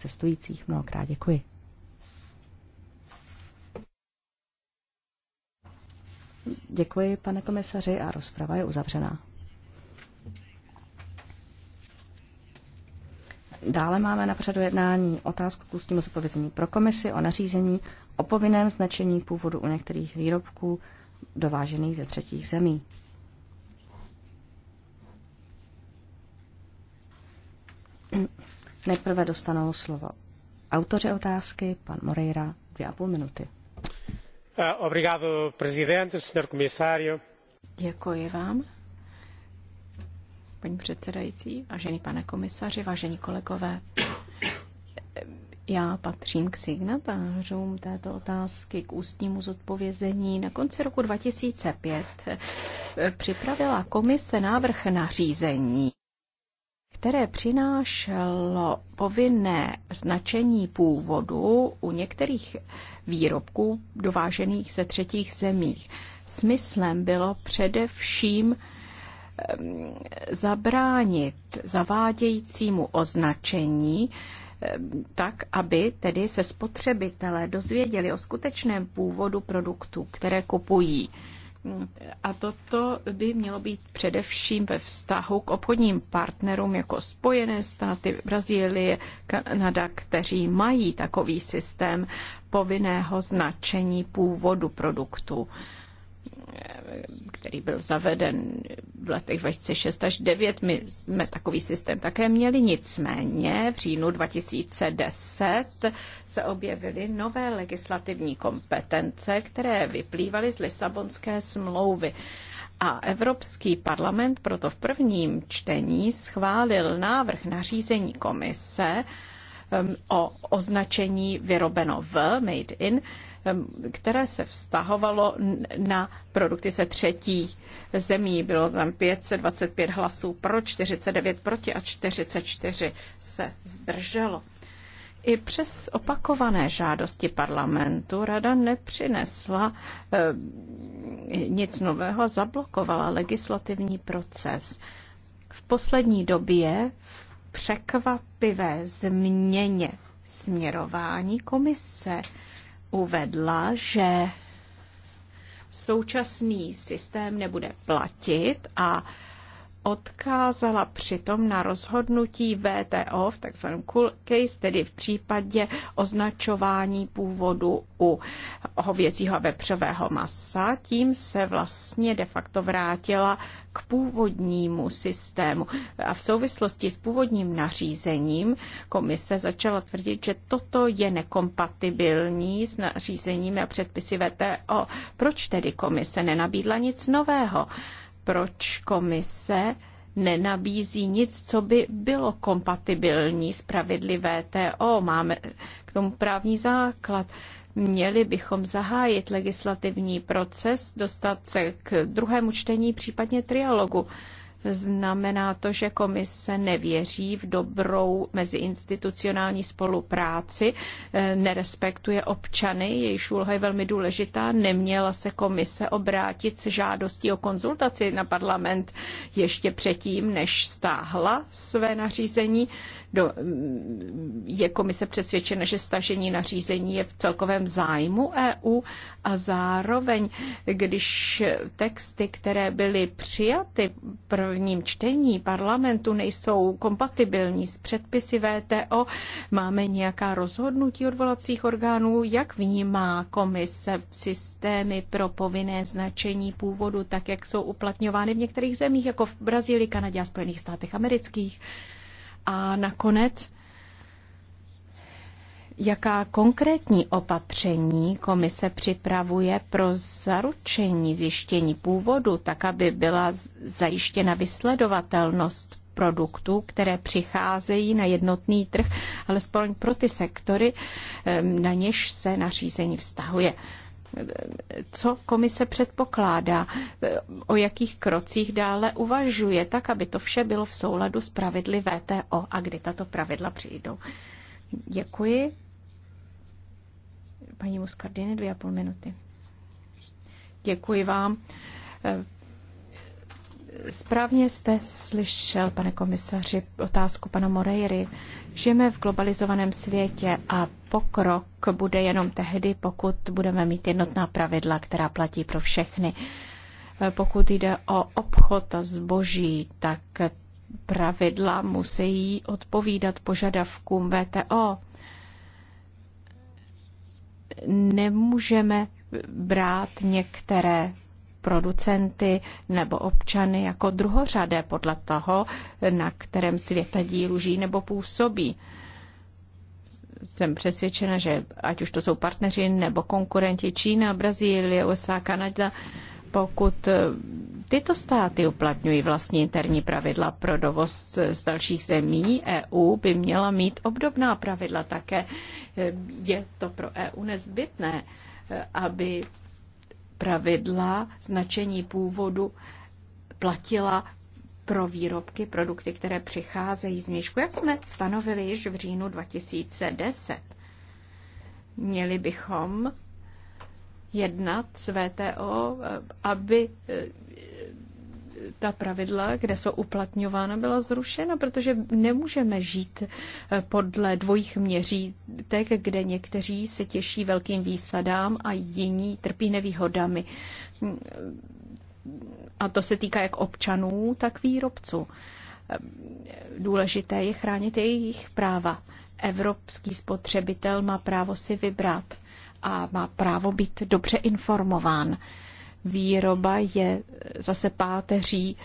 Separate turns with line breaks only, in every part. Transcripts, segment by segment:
cestujících. Mnohokrát děkuji. Děkuji, pane komisaři, a rozprava je uzavřená. Dále máme na pořadu jednání otázku k ústnímu zodpovězení pro komisi o nařízení o povinném značení původu u některých výrobků dovážených ze třetích zemí. Nejprve dostanou slovo autoři otázky, pan Moreira, dvě a půl minuty.
Ah, obrigado, prezidente, senhor comissário.
Děkuji vám, paní předsedající, vážený pane komisaři, vážení kolegové. Já patřím k signatářům této otázky, k ústnímu zodpovězení. Na konci roku 2005 připravila komise návrh nařízení které přinášelo povinné značení původu u některých výrobků dovážených ze třetích zemích. Smyslem bylo především zabránit zavádějícímu označení, tak, aby tedy se spotřebitelé dozvěděli o skutečném původu produktů, které kupují. A toto by mělo být především ve vztahu k obchodním partnerům jako Spojené státy, Brazílie, Kanada, kteří mají takový systém povinného značení původu produktu který byl zaveden v letech 2006 až 2009. My jsme takový systém také měli, nicméně v říjnu 2010 se objevily nové legislativní kompetence, které vyplývaly z Lisabonské smlouvy. A Evropský parlament proto v prvním čtení schválil návrh nařízení komise um, o označení vyrobeno v, made in, které se vztahovalo na produkty ze třetí zemí. Bylo tam 525 hlasů pro, 49 proti a 44 se zdrželo. I přes opakované žádosti parlamentu rada nepřinesla eh, nic nového, zablokovala legislativní proces. V poslední době v překvapivé změně směrování komise uvedla, že současný systém nebude platit a odkázala přitom na rozhodnutí VTO v tzv. cool case, tedy v případě označování původu u hovězího a vepřového masa. Tím se vlastně de facto vrátila k původnímu systému. A v souvislosti s původním nařízením komise začala tvrdit, že toto je nekompatibilní s nařízením a předpisy VTO. Proč tedy komise nenabídla nic nového? proč komise nenabízí nic, co by bylo kompatibilní s pravidly VTO. Máme k tomu právní základ. Měli bychom zahájit legislativní proces, dostat se k druhému čtení, případně trialogu. Znamená to, že komise nevěří v dobrou meziinstitucionální spolupráci, eh, nerespektuje občany, jejíž úloha je velmi důležitá. Neměla se komise obrátit s žádostí o konzultaci na parlament ještě předtím, než stáhla své nařízení. Do, mm, je komise přesvědčena, že stažení nařízení je v celkovém zájmu EU a zároveň, když texty, které byly přijaty v prvním čtení parlamentu, nejsou kompatibilní s předpisy VTO, máme nějaká rozhodnutí odvolacích orgánů, jak vnímá komise systémy pro povinné značení původu, tak jak jsou uplatňovány v některých zemích, jako v Brazílii, Kanadě a Spojených státech amerických. A nakonec, jaká konkrétní opatření komise připravuje pro zaručení zjištění původu, tak aby byla zajištěna vysledovatelnost produktů, které přicházejí na jednotný trh, alespoň pro ty sektory, na něž se nařízení vztahuje co komise předpokládá, o jakých krocích dále uvažuje, tak aby to vše bylo v souladu s pravidly VTO a kdy tato pravidla přijdou. Děkuji. Paní Muscardini, dvě a půl minuty. Děkuji vám Správně jste slyšel, pane komisaři, otázku pana Moreiry. Žijeme v globalizovaném světě a pokrok bude jenom tehdy, pokud budeme mít jednotná pravidla, která platí pro všechny. Pokud jde o obchod a zboží, tak pravidla musí odpovídat požadavkům VTO. Nemůžeme brát některé producenty nebo občany jako druhořadé podle toho, na kterém dílu žijí nebo působí jsem přesvědčena, že ať už to jsou partneři nebo konkurenti Čína, Brazílie, USA, Kanada, pokud eh, tyto státy uplatňují vlastní interní pravidla pro dovoz z dalších zemí, EU by měla mít obdobná pravidla také. Eh, je to pro EU nezbytné, eh, aby pravidla značení původu platila pro výrobky, produkty, které přicházejí z měšku, jak jsme stanovili již v říjnu 2010. Měli bychom jednat s VTO, eh, aby eh, ta pravidla, kde jsou uplatňována, byla zrušena, protože nemůžeme žít eh, podle dvojích měřítek, kde někteří se těší velkým výsadám a jiní trpí nevýhodami. A to se týká jak občanů, tak výrobců. Eh, důležité je chránit jejich práva. Evropský spotřebitel má právo si vybrat a má právo být dobře informován výroba je zase páteří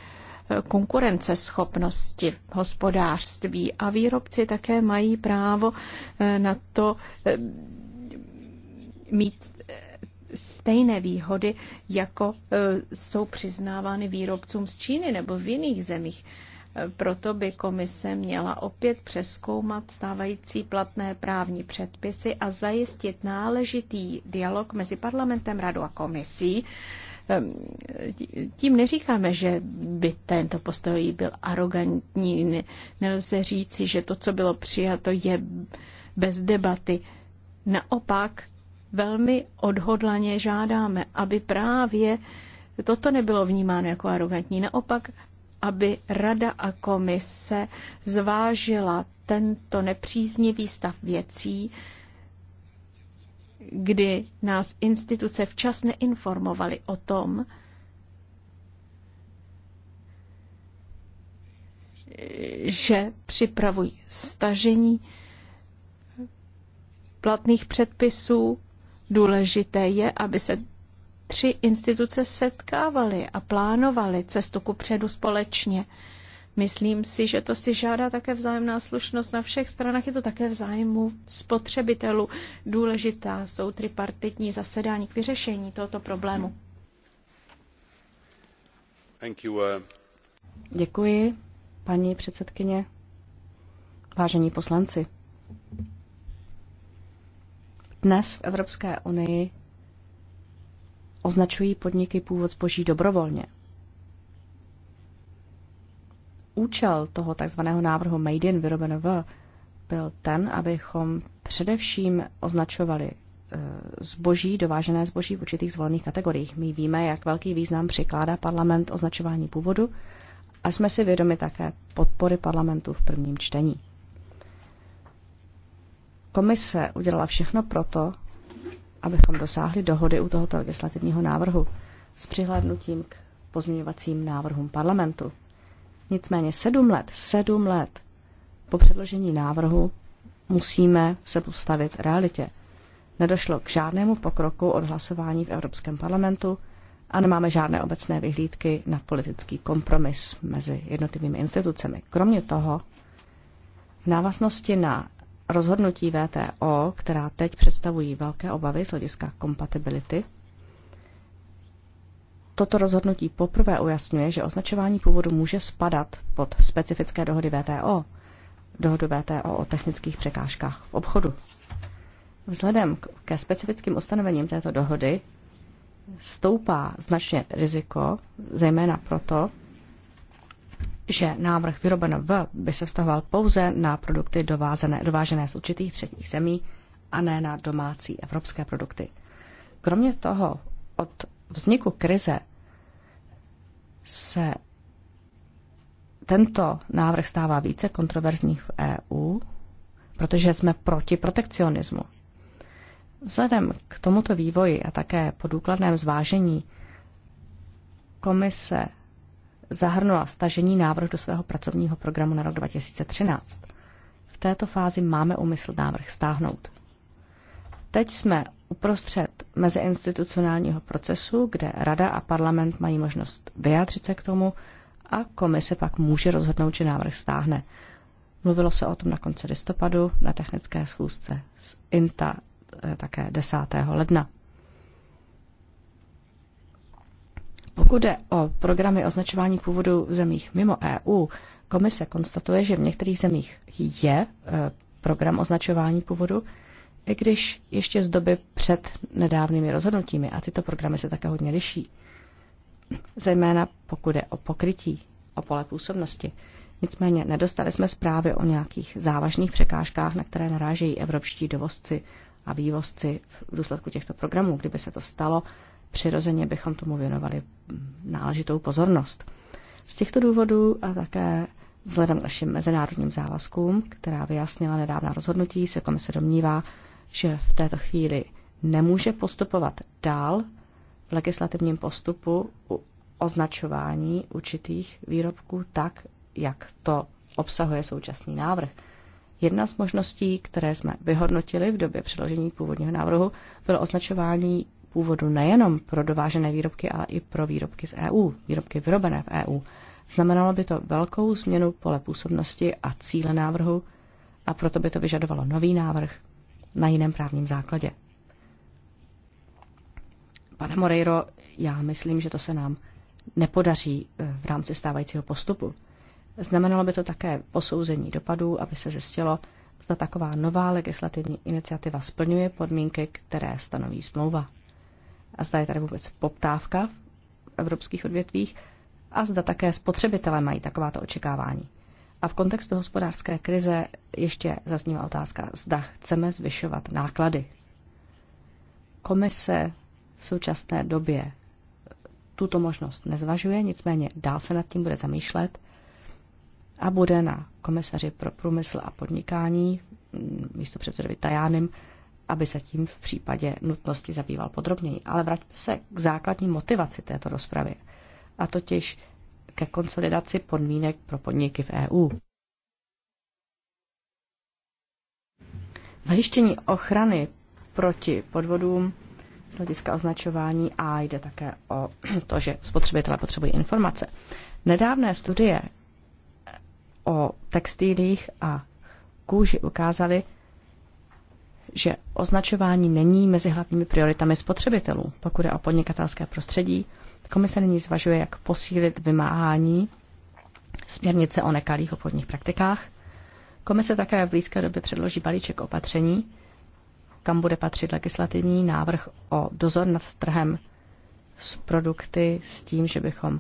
eh, konkurenceschopnosti hospodářství a výrobci také mají právo eh, na to eh, mít stejné výhody, jako jsou přiznávány výrobcům z Číny nebo v jiných zemích. Proto by komise měla opět přeskoumat stávající platné právní předpisy a zajistit náležitý dialog mezi parlamentem, radou a komisí, Ehm, tím neříkáme, že by tento postoj byl arrogantní. Nelze říci, že to, co bylo přijato, je bez debaty. Naopak velmi odhodlaně žádáme, aby právě toto nebylo vnímáno jako arrogantní. Naopak, aby Rada a komise zvážila tento nepříznivý stav věcí, kdy nás instituce včas neinformovaly o tom, že připravují stažení platných předpisů. Důležité je, aby se tři instituce setkávaly a plánovaly cestu ku předu společně. Myslím si, že to si žádá také vzájemná slušnost na všech stranách. Je to také v zájmu spotřebitelů. Důležitá jsou tripartitní zasedání k vyřešení tohoto problému. Uh, Děkuji,
paní předsedkyně. Vážení poslanci, dnes v Evropské unii označují podniky původ zboží dobrovolně účel toho takzvaného návrhu Made in vyrobeno v byl ten, abychom především označovali e, zboží, dovážené zboží v určitých zvolených kategoriích. My víme, jak velký význam přikládá parlament označování původu a jsme si vědomi také podpory parlamentu v prvním čtení. Komise udělala všechno proto, abychom dosáhli dohody u tohoto legislativního návrhu s přihlédnutím k pozměňovacím návrhům parlamentu. Nicméně sedm let, sedm let po předložení návrhu musíme se postavit realitě. Nedošlo k žádnému pokroku od hlasování v Evropském parlamentu a nemáme žádné obecné vyhlídky na politický kompromis mezi jednotlivými institucemi. Kromě toho, v návaznosti na rozhodnutí VTO, která teď představují velké obavy z hlediska kompatibility, toto rozhodnutí poprvé ujasňuje, že označování původu může spadat pod specifické dohody VTO, dohodu VTO o technických překážkách v obchodu. Vzhledem ke specifickým ustanovením této dohody stoupá značně riziko, zejména proto, že návrh vyrobeno V by se vztahoval pouze na produkty dovázené, dovážené z určitých třetích zemí a ne na domácí evropské produkty. Kromě toho od vzniku krize se tento návrh stává více kontroverzních v EU, protože jsme proti protekcionismu. Vzhledem k tomuto vývoji a také po důkladném zvážení komise zahrnula stažení návrh do svého pracovního programu na rok 2013. V této fázi máme úmysl návrh stáhnout. Teď jsme uprostřed meziinstitucionálního procesu, kde Rada a parlament mají možnost vyjádřit se k tomu a komise pak může rozhodnout, že návrh stáhne. Mluvilo se o tom na konci listopadu na technické schůzce z INTA eh, také 10. ledna. Pokud jde o programy označování původu v zemích mimo EU, komise konstatuje, že v některých zemích je eh, program označování původu, i když ještě z doby před nedávnými rozhodnutími a tyto programy se také hodně liší, zejména pokud je o pokrytí, o pole působnosti. Nicméně nedostali jsme zprávy o nějakých závažných překážkách, na které narážejí evropští dovozci a vývozci v důsledku těchto programů. Kdyby se to stalo, přirozeně bychom tomu věnovali náležitou pozornost. Z těchto důvodů a také vzhledem k našim mezinárodním závazkům, která vyjasnila nedávná rozhodnutí, se komise domnívá, že v této chvíli nemůže postupovat dál v legislativním postupu u označování určitých výrobků tak, jak to obsahuje současný návrh. Jedna z možností, které jsme vyhodnotili v době předložení původního návrhu, bylo označování původu nejenom pro dovážené výrobky, ale i pro výrobky z EU, výrobky vyrobené v EU. Znamenalo by to velkou změnu pole působnosti a cíle návrhu a proto by to vyžadovalo nový návrh na jiném právním základě. Pane Moreiro, já myslím, že to se nám nepodaří eh, v rámci stávajícího postupu. Znamenalo by to také posouzení dopadů, aby se zjistilo, zda taková nová legislativní iniciativa splňuje podmínky, které stanoví smlouva. A zda je tady vůbec poptávka v evropských odvětvích a zda také spotřebitelé mají takováto očekávání. A v kontextu hospodářské krize ještě zaznívá otázka, zda chceme zvyšovat náklady. Komise v současné době tuto možnost nezvažuje, nicméně dál se nad tím bude zamýšlet a bude na komisaři pro průmysl a podnikání, mm, místo předsedovi Tajánem, aby se tím v případě nutnosti zabýval podrobněji. Ale vraťme se k základní motivaci této rozpravy, a totiž ke konsolidaci podmínek pro podniky v EU. Zajištění ochrany proti podvodům z hlediska označování a jde také o to, že spotřebitelé potřebují informace. Nedávné studie o textilích a kůži ukázaly, že označování není mezi hlavními prioritami spotřebitelů, pokud je o podnikatelské prostředí, Komise nyní zvažuje, jak posílit vymáhání směrnice o nekalých obchodních praktikách. Komise také v blízké době předloží balíček opatření, kam bude patřit legislativní návrh o dozor nad trhem s produkty s tím, že bychom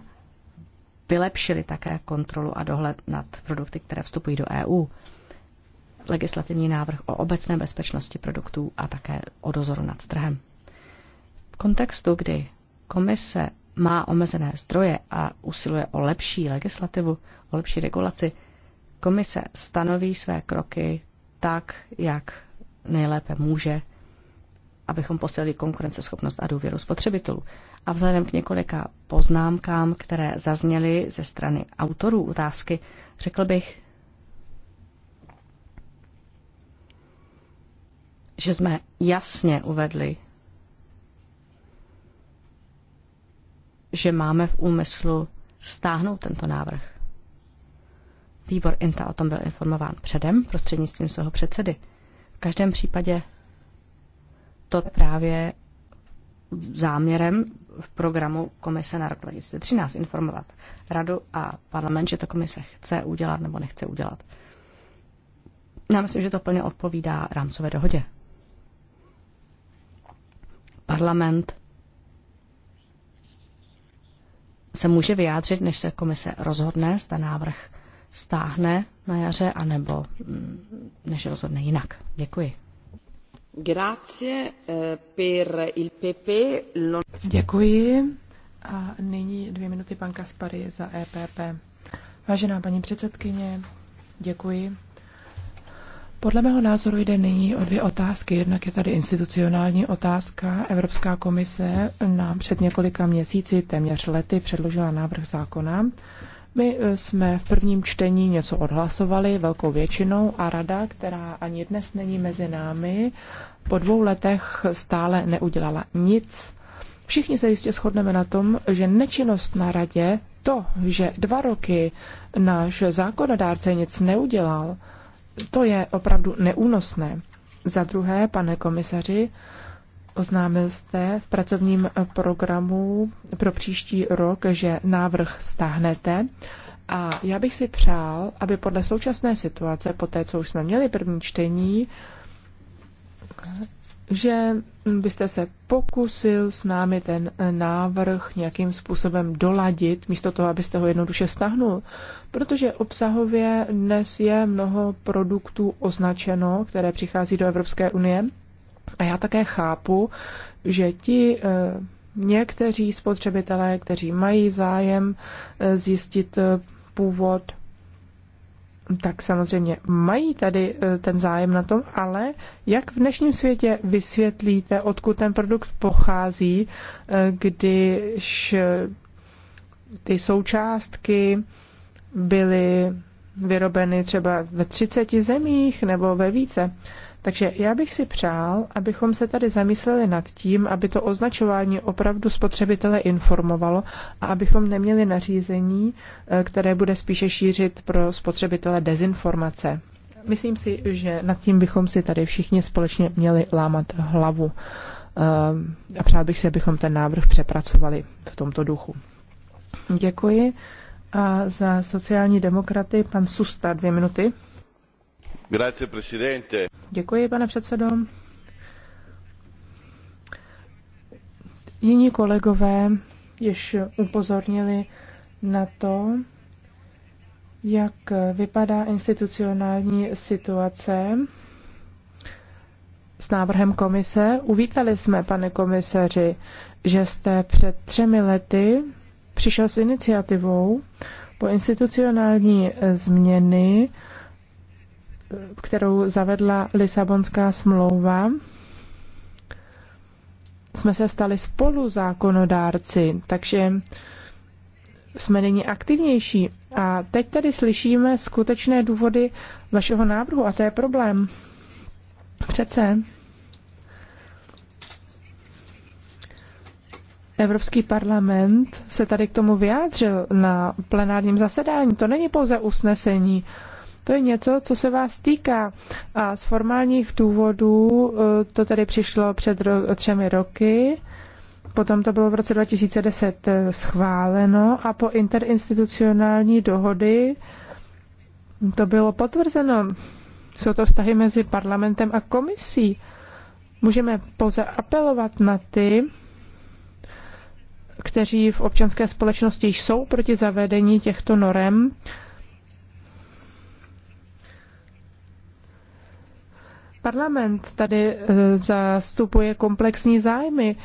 vylepšili také kontrolu a dohled nad produkty, které vstupují do EU. Legislativní návrh o obecné bezpečnosti produktů a také o dozoru nad trhem. V kontextu, kdy komise má omezené zdroje a usiluje o lepší legislativu, o lepší regulaci, komise stanoví své kroky tak, jak nejlépe může, abychom posílili konkurenceschopnost a důvěru spotřebitelů. A vzhledem k několika poznámkám, které zazněly ze strany autorů otázky, řekl bych, že jsme jasně uvedli, že máme v úmyslu stáhnout tento návrh. Výbor INTA o tom byl informován předem prostřednictvím svého předsedy. V každém případě to právě záměrem v programu Komise na rok 2013 informovat radu a parlament, že to komise chce udělat nebo nechce udělat. Já myslím, že to plně odpovídá rámcové dohodě. Parlament se může vyjádřit, než se komise rozhodne, zda návrh stáhne na jaře, anebo mm, než rozhodne jinak. Děkuji.
Grazie eh, per il PP. Děkuji. A nyní dvě minuty pan Kaspary za EPP. Vážená paní předsedkyně, děkuji. Podle mého názoru jde nyní o dvě otázky. Jednak je tady institucionální otázka. Evropská komise nám před několika měsíci, téměř lety, předložila návrh zákona. My e, jsme v prvním čtení něco odhlasovali velkou většinou a rada, která ani dnes není mezi námi, po dvou letech stále neudělala nic. Všichni se jistě shodneme na tom, že nečinnost na radě, to, že dva roky náš zákonodárce nic neudělal, to je opravdu neúnosné. Za druhé, pane komisaři, oznámil jste v pracovním programu pro příští rok, že návrh stáhnete. A já bych si přál, aby podle současné situace, po té, co už jsme měli první čtení, že byste se pokusil s námi ten návrh nějakým způsobem doladit, místo toho, abyste ho jednoduše stahnul. Protože obsahově dnes je mnoho produktů označeno, které přichází do Evropské unie. A já také chápu, že ti eh, někteří spotřebitelé, kteří mají zájem eh, zjistit eh, původ tak samozřejmě mají tady e, ten zájem na tom, ale jak v dnešním světě vysvětlíte, odkud ten produkt pochází, e, když e, ty součástky byly vyrobeny třeba ve 30 zemích nebo ve více? Takže já bych si přál, abychom se tady zamysleli nad tím, aby to označování opravdu spotřebitele informovalo a abychom neměli nařízení, eh, které bude spíše šířit pro spotřebitele dezinformace. Myslím si, že nad tím bychom si tady všichni společně měli lámat hlavu. Eh, a přál bych si, abychom ten návrh přepracovali v tomto duchu. Děkuji. A za sociální demokraty pan Susta dvě minuty. Děkuji, pane předsedo. Jiní kolegové již upozornili na to, jak vypadá institucionální situace s návrhem komise. Uvítali jsme, pane komisaři, že jste před třemi lety přišel s iniciativou po institucionální změny kterou zavedla Lisabonská smlouva, jsme se stali spolu zákonodárci, takže jsme nyní aktivnější. A teď tady slyšíme skutečné důvody vašeho návrhu a to je problém. Přece Evropský parlament se tady k tomu vyjádřil na plenárním zasedání. To není pouze usnesení. To je něco, co se vás týká. A z formálních důvodů eh, to tady přišlo před ro- třemi roky, potom to bylo v roce 2010 eh, schváleno a po interinstitucionální dohody to bylo potvrzeno. Jsou to vztahy mezi parlamentem a komisí. Můžeme pouze apelovat na ty, kteří v občanské společnosti jsou proti zavedení těchto norem, Parlament tady eh, zastupuje komplexní zájmy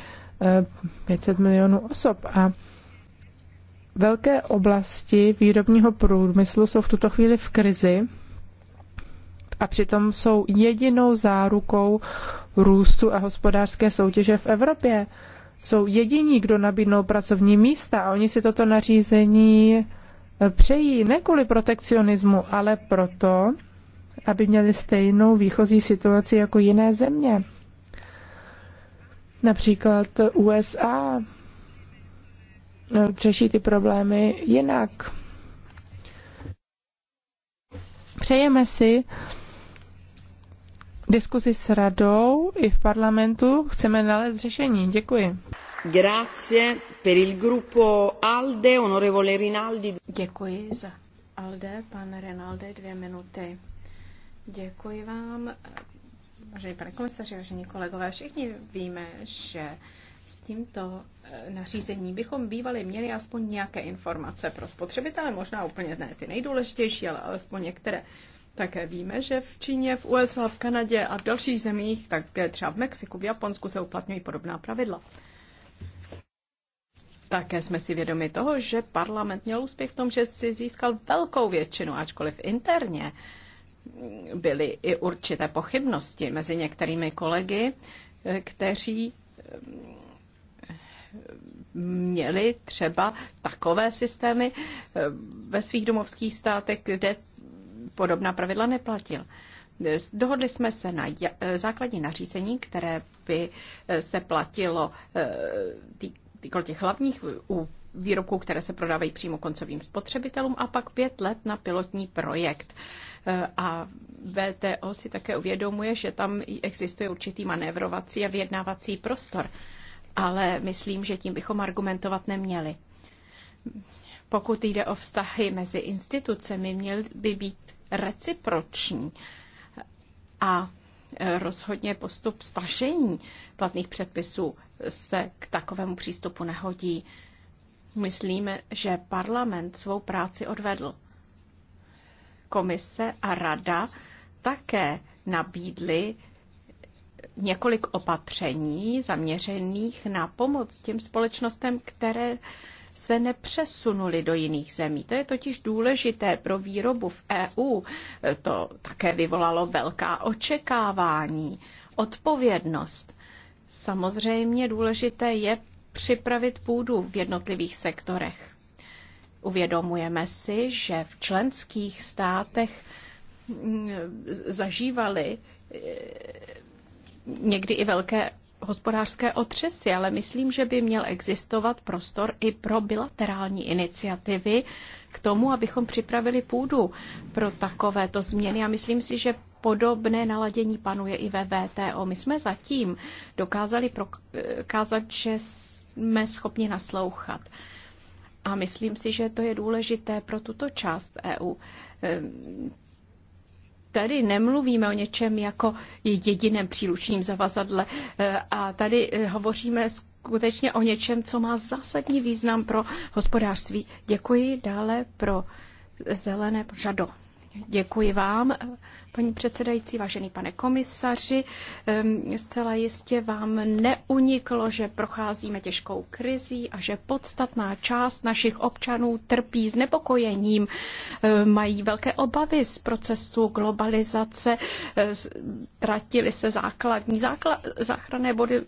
500 eh, milionů osob a velké oblasti výrobního průmyslu jsou v tuto chvíli v krizi a přitom jsou jedinou zárukou růstu a hospodářské soutěže v Evropě. Jsou jediní, kdo nabídnou pracovní místa a oni si toto nařízení eh, přejí ne kvůli protekcionismu, ale proto, aby měli stejnou výchozí situaci jako jiné země. Například USA eh, řeší ty problémy jinak. Přejeme si diskusi s radou i v parlamentu. Chceme nalézt řešení. Děkuji.
Grazie per il gruppo ALDE, onorevole Rinaldi. Děkuji za ALDE, pan Rinaldi, dvě minuty. Děkuji vám. Vážený pane komisaři, vážení kolegové, všichni víme, že s tímto eh, nařízením bychom bývali měli aspoň nějaké informace pro spotřebitele, možná úplně ne ty nejdůležitější, ale alespoň některé. Také víme, že v Číně, v USA, v Kanadě a v dalších zemích, také třeba v Mexiku, v Japonsku se uplatňují podobná pravidla. Také jsme si vědomi toho, že parlament měl úspěch v tom, že si získal velkou většinu, ačkoliv interně byly i určité pochybnosti mezi některými kolegy, kteří eh, měli třeba takové systémy eh, ve svých domovských státech, kde podobná pravidla neplatil. Dohodli jsme se na eh, základní nařízení, které by se platilo týkalo těch hlavních výrobků, které se prodávají přímo koncovým spotřebitelům a pak pět let na pilotní projekt. E, a VTO si také uvědomuje, že tam existuje určitý manévrovací a vyjednávací prostor. Ale myslím, že tím bychom argumentovat neměli. Pokud jde o vztahy mezi institucemi, měl by být reciproční. A e, rozhodně postup stažení platných předpisů se k takovému přístupu nehodí. Myslíme, že parlament svou práci odvedl. Komise a rada také nabídly několik opatření zaměřených na pomoc těm společnostem, které se nepřesunuli do jiných zemí. To je totiž důležité pro výrobu v EU. To také vyvolalo velká očekávání, odpovědnost. Samozřejmě důležité je připravit půdu v jednotlivých sektorech. Uvědomujeme si, že v členských státech mm, zažívali e, někdy i velké hospodářské otřesy, ale myslím, že by měl existovat prostor i pro bilaterální iniciativy k tomu, abychom připravili půdu pro takovéto změny. A myslím si, že podobné naladění panuje i ve VTO. My jsme zatím dokázali prokázat, že jsme schopni naslouchat. A myslím si, že to je důležité pro tuto část EU. Ehm, tady nemluvíme o něčem jako jediném příručním zavazadle eh, a tady eh, hovoříme skutečně o něčem, co má zásadní význam pro hospodářství. Děkuji dále pro zelené žado. Děkuji vám, paní předsedající, vážený pane komisaři. Ehm, zcela jistě vám neuniklo, že procházíme těžkou krizí a že podstatná část našich občanů trpí znepokojením, ehm, mají velké obavy z procesu globalizace, eh, tratili se základní záchranné body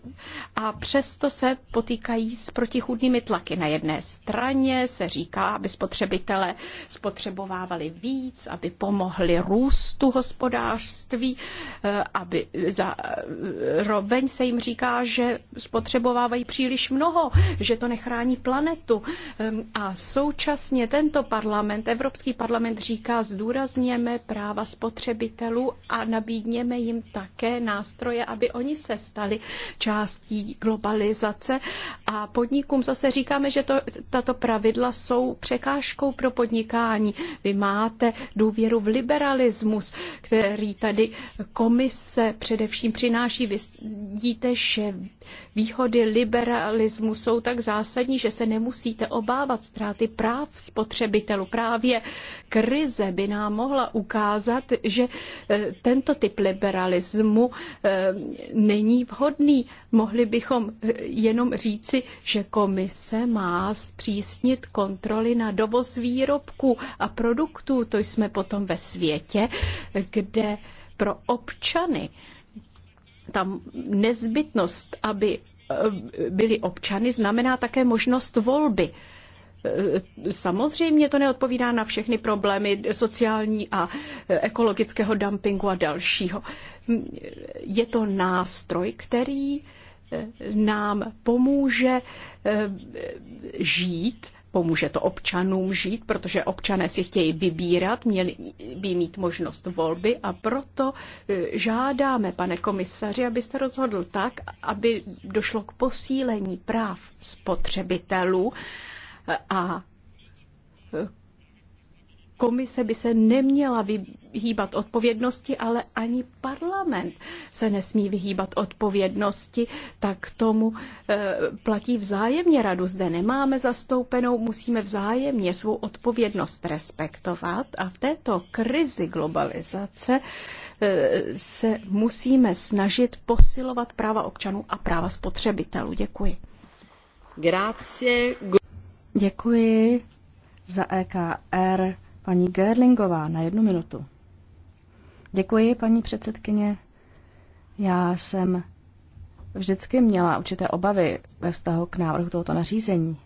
a přesto se potýkají s protichůdnými tlaky. Na jedné straně se říká, aby spotřebitelé spotřebovávali víc, aby pomohly růstu hospodářství, eh, aby zároveň se jim říká, že spotřebovávají příliš mnoho, že to nechrání planetu. Ehm, a současně tento parlament, Evropský parlament říká, zdůrazněme práva spotřebitelů a nabídněme jim také nástroje, aby oni se stali částí globalizace a podnikům zase říkáme, že to, tato pravidla jsou překážkou pro podnikání. Vy máte důvěru důvěru v liberalismus, který tady komise především přináší. Vidíte, že výhody liberalismu jsou tak zásadní, že se nemusíte obávat ztráty práv spotřebitelů. Právě krize by nám mohla ukázat, že eh, tento typ liberalismu eh, není vhodný. Mohli bychom eh, jenom říci, že komise má zpřísnit kontroly na dovoz výrobků a produktů. To jsme potom potom ve světě, kde pro občany tam nezbytnost, aby eh, byli občany, znamená také možnost volby. Eh, samozřejmě to neodpovídá na všechny problémy sociální a eh, ekologického dumpingu a dalšího. Je to nástroj, který nám pomůže žít pomůže to občanům žít, protože občané si chtějí vybírat, měli by mít možnost volby a proto eh, žádáme, pane komisaři, abyste rozhodl tak, aby došlo k posílení práv spotřebitelů a eh, komise by se neměla vyhýbat odpovědnosti, ale ani parlament se nesmí vyhýbat odpovědnosti, tak tomu e, platí vzájemně radu. Zde nemáme zastoupenou, musíme vzájemně svou odpovědnost respektovat a v této krizi globalizace e, se musíme snažit posilovat práva občanů a práva spotřebitelů. Děkuji. Grazie.
Děkuji za EKR Paní Gerlingová na jednu minutu. Děkuji, paní předsedkyně. Já jsem vždycky měla určité obavy ve vztahu k návrhu tohoto nařízení.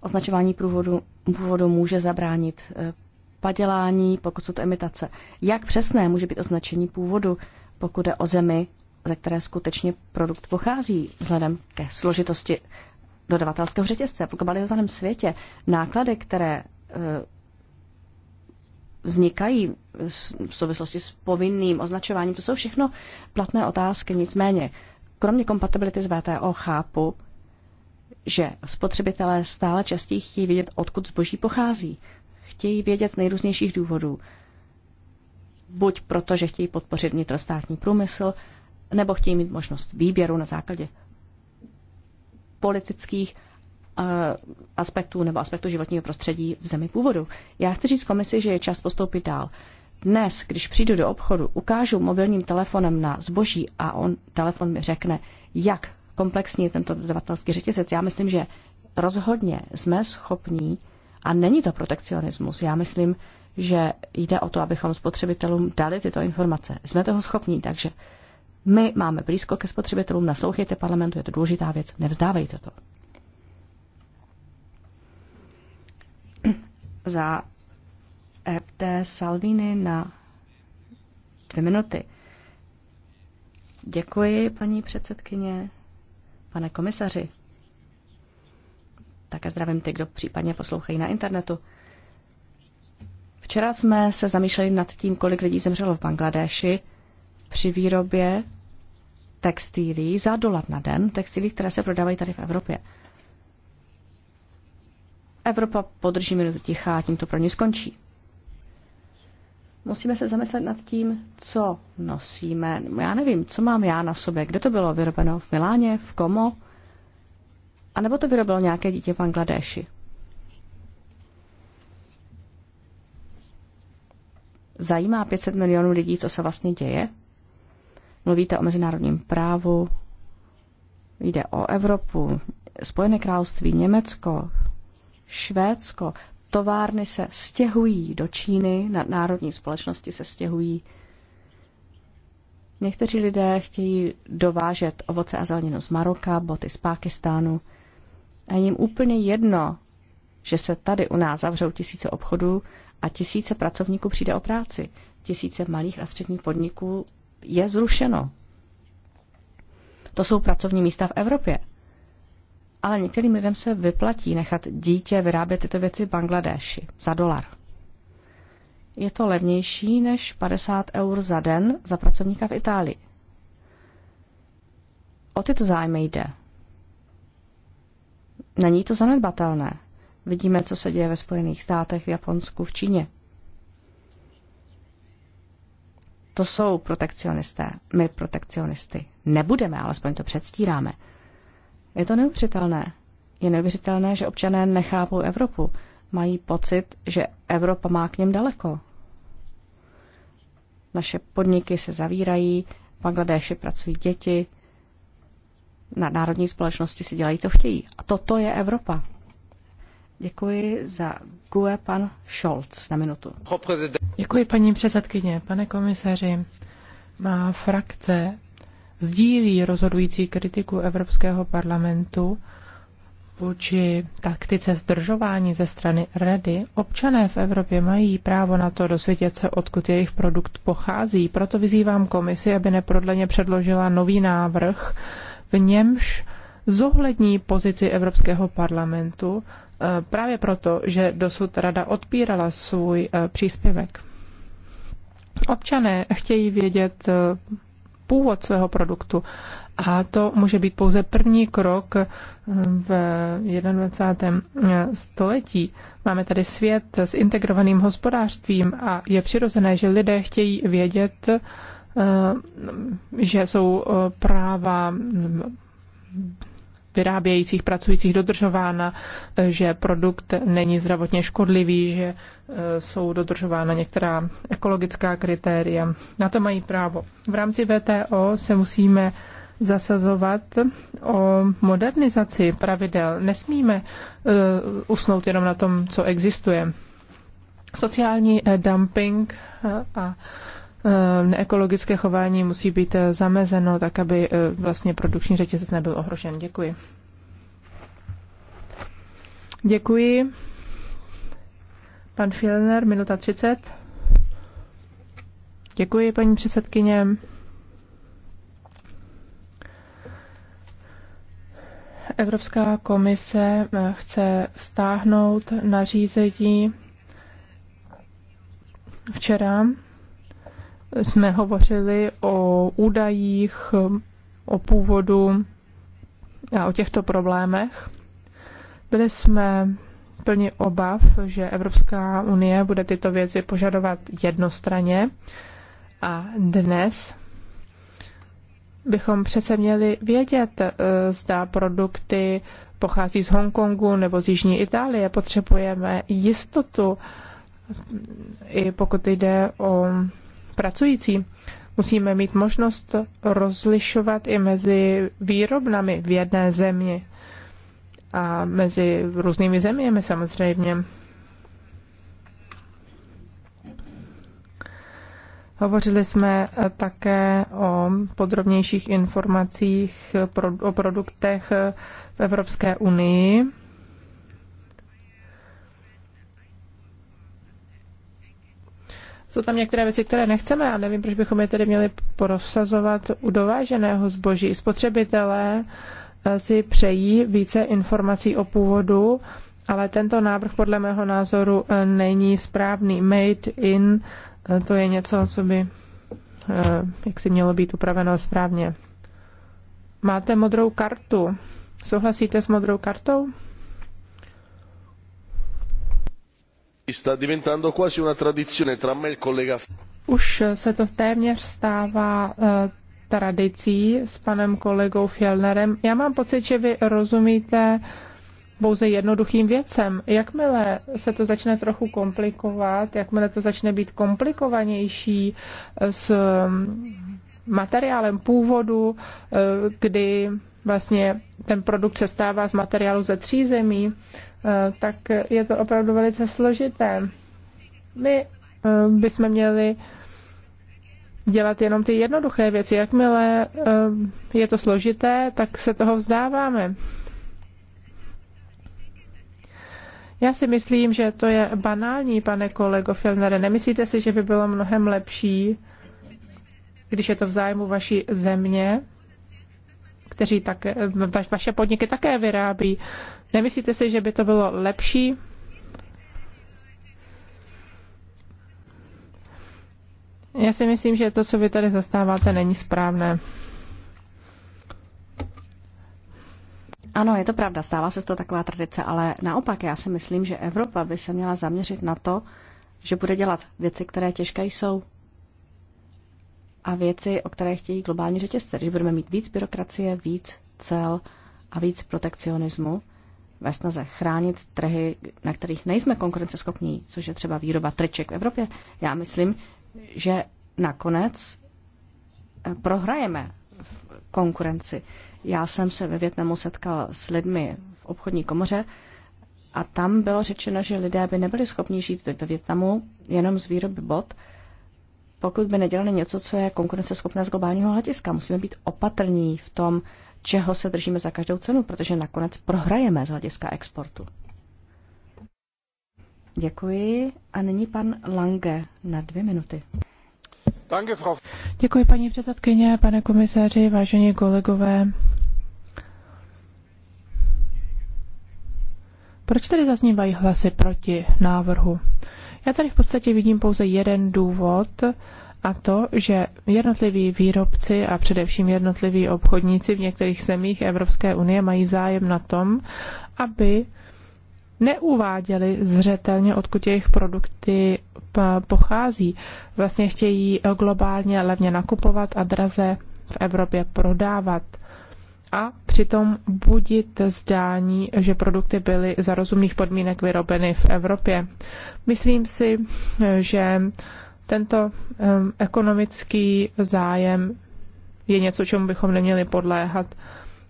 Označování průvodu, původu může zabránit eh, padělání, pokud jsou to imitace. Jak přesné může být označení původu, pokud je o zemi, ze které skutečně produkt pochází, vzhledem ke složitosti dodavatelského řetězce. V globalizovaném světě náklady, které eh, vznikají v souvislosti s povinným označováním. To jsou všechno platné otázky. Nicméně, kromě kompatibility s VTO chápu, že spotřebitelé stále častěji chtějí vědět, odkud zboží pochází. Chtějí vědět z nejrůznějších důvodů. Buď proto, že chtějí podpořit vnitrostátní průmysl, nebo chtějí mít možnost výběru na základě politických Eh, aspektů nebo aspektu životního prostředí v zemi původu. Já chci říct komisi, že je čas postoupit dál. Dnes, když přijdu do obchodu, ukážu mobilním telefonem na zboží a on telefon mi řekne, jak komplexní je tento dodavatelský řetězec. Já myslím, že rozhodně jsme schopní, a není to protekcionismus, já myslím, že jde o to, abychom spotřebitelům dali tyto informace. Jsme toho schopní, takže my máme blízko ke spotřebitelům, naslouchejte parlamentu, je to důležitá věc, nevzdávejte to. za e FT Salvini na dvě minuty. Děkuji, paní předsedkyně, pane komisaři. Také zdravím ty, kdo případně poslouchají na internetu. Včera jsme se zamýšleli nad tím, kolik lidí zemřelo v Bangladeši při výrobě textilí za dolar na den, textilí, které se prodávají tady v Evropě. Evropa podrží minutu tichá a tím to pro ně skončí. Musíme se zamyslet nad tím, co nosíme. Já nevím, co mám já na sobě. Kde to bylo vyrobeno? V Miláně? V Komo? A nebo to vyrobilo nějaké dítě v Bangladeši? Zajímá 500 milionů lidí, co se vlastně děje? Mluvíte o mezinárodním právu, jde o Evropu, Spojené království, Německo, Švédsko. Továrny se stěhují do Číny, národní společnosti se stěhují. Někteří lidé chtějí dovážet ovoce a zeleninu z Maroka, boty z Pákistánu. A jim úplně jedno, že se tady u nás zavřou tisíce obchodů a tisíce pracovníků přijde o práci. Tisíce malých a středních podniků je zrušeno. To jsou pracovní místa v Evropě. Ale některým lidem se vyplatí nechat dítě vyrábět tyto věci v Bangladeši za dolar. Je to levnější než 50 eur za den za pracovníka v Itálii. O tyto zájmy jde. Není to zanedbatelné. Vidíme, co se děje ve Spojených státech, v Japonsku, v Číně. To jsou protekcionisté. My protekcionisty nebudeme, alespoň to předstíráme. Je to neuvěřitelné. Je neuvěřitelné, že občané nechápou Evropu. Mají pocit, že Evropa má k něm daleko. Naše podniky se zavírají, v Bangladeši pracují děti, na národní společnosti si dělají, co chtějí. A toto je Evropa. Děkuji za GUE pan Scholz na minutu. Děkuji
paní předsedkyně, pane komisaři. Má frakce sdílí rozhodující kritiku Evropského parlamentu vůči taktice zdržování ze strany Rady, občané v Evropě mají právo na to dosvědět se, odkud jejich produkt pochází. Proto vyzývám komisi, aby neprodleně předložila nový návrh, v němž zohlední pozici Evropského parlamentu e, právě proto, že dosud Rada odpírala svůj e, příspěvek. Občané chtějí vědět, e, původ svého produktu. A to může být pouze první krok eh, v 21. Eh, století. Máme tady svět s integrovaným hospodářstvím a je přirozené, že lidé chtějí vědět, eh, že jsou práva vyrábějících, pracujících dodržována, že produkt není zdravotně škodlivý, že e, jsou dodržována některá ekologická kritéria. Na to mají právo. V rámci VTO se musíme zasazovat o modernizaci pravidel. Nesmíme e, usnout jenom na tom, co existuje. Sociální e, dumping a Eh, neekologické chování musí být eh, zamezeno, tak aby eh, vlastně produkční řetězec nebyl ohrožen. Děkuji. Děkuji. Pan Filner, minuta 30. Děkuji, paní předsedkyně. Evropská komise chce stáhnout nařízení včera jsme hovořili o údajích, o původu a o těchto problémech. Byli jsme plni obav, že Evropská unie bude tyto věci požadovat jednostranně a dnes bychom přece měli vědět, eh, zda produkty pochází z Hongkongu nebo z Jižní Itálie. Potřebujeme jistotu, i pokud jde o pracující. Musíme mít možnost rozlišovat i mezi výrobnami v jedné zemi a mezi různými zeměmi samozřejmě. Hovořili jsme také o podrobnějších informacích o produktech v Evropské unii Jsou tam některé věci, které nechceme a nevím, proč bychom je tedy měli prosazovat u dováženého zboží. Spotřebitelé eh, si přejí více informací o původu, ale tento návrh podle mého názoru eh, není správný. Made in eh, to je něco, co by jak si mělo být upraveno správně. Máte modrou kartu. Souhlasíte s modrou kartou?
sta diventando quasi una tradizione tra me e il collega.
Už se to téměř stává uh, tradicí s panem kolegou Fjellnerem. Já mám pocit, že vy rozumíte pouze jednoduchým věcem. Jakmile se to začne trochu komplikovat, jakmile to začne být komplikovanější eh, s mm, materiálem původu, eh, kdy vlastně ten produkt se stává z materiálu ze tří zemí, Eh, tak je to opravdu velice složité. My eh, bychom měli dělat jenom ty jednoduché věci. Jakmile eh, je to složité, tak se toho vzdáváme. Já si myslím, že to je banální, pane kolego Filnere. Nemyslíte si, že by bylo mnohem lepší, když je to v zájmu vaší země, kteří také, vaše podniky také vyrábí Nemyslíte si, že by to bylo lepší? Já si myslím, že to, co vy tady zastáváte, není správné. Ano, je to pravda, stává se z toho taková tradice, ale naopak
já si myslím, že Evropa by se měla zaměřit na to, že bude dělat věci, které těžké jsou a věci, o které chtějí globální řetězce. Když budeme mít víc byrokracie, víc cel a víc protekcionismu, ve snaze chránit trhy, na kterých nejsme konkurenceschopní, což je třeba výroba triček v Evropě, já myslím, že nakonec eh, prohrajeme v konkurenci. Já jsem se ve Větnamu setkal s lidmi v obchodní komoře a tam bylo řečeno, že lidé by nebyli schopni žít ve Větnamu jenom z výroby bot, pokud by nedělali něco, co je konkurenceschopné z globálního hlediska. Musíme být opatrní v tom, čeho se držíme za každou cenu, protože nakonec prohrajeme z hlediska exportu.
Děkuji. A nyní pan Lange na dvě minuty. Děkuji, paní předsedkyně, pane komisaři, vážení kolegové. Proč tady zaznívají hlasy proti návrhu? Já tady v podstatě vidím pouze jeden důvod, a to, že jednotliví výrobci a především jednotliví obchodníci v některých zemích Evropské unie mají zájem na tom, aby neuváděli zřetelně, odkud jejich produkty pochází. Vlastně chtějí globálně levně nakupovat a draze v Evropě prodávat a přitom budit zdání, že produkty byly za rozumných podmínek vyrobeny v Evropě. Myslím si, že tento ekonomický zájem je něco, čemu bychom neměli podléhat.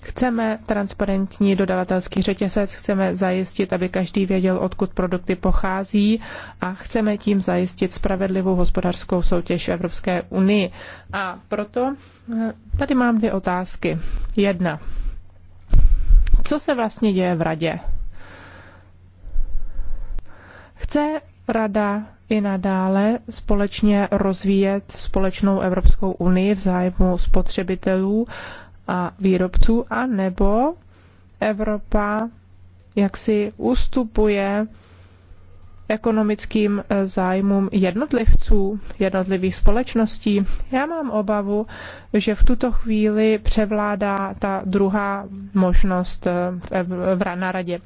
Chceme transparentní dodavatelský řetězec, chceme zajistit, aby každý věděl, odkud produkty pochází a chceme tím zajistit spravedlivou hospodářskou soutěž v Evropské unii. A proto eh, tady mám dvě otázky. Jedna. Co se vlastně děje v radě? Chce Rada i nadále společně rozvíjet společnou Evropskou unii v zájmu spotřebitelů a výrobců, a nebo Evropa jaksi ustupuje ekonomickým eh, zájmům jednotlivců, jednotlivých společností. Já mám obavu, že v tuto chvíli převládá ta druhá možnost eh, v na radě.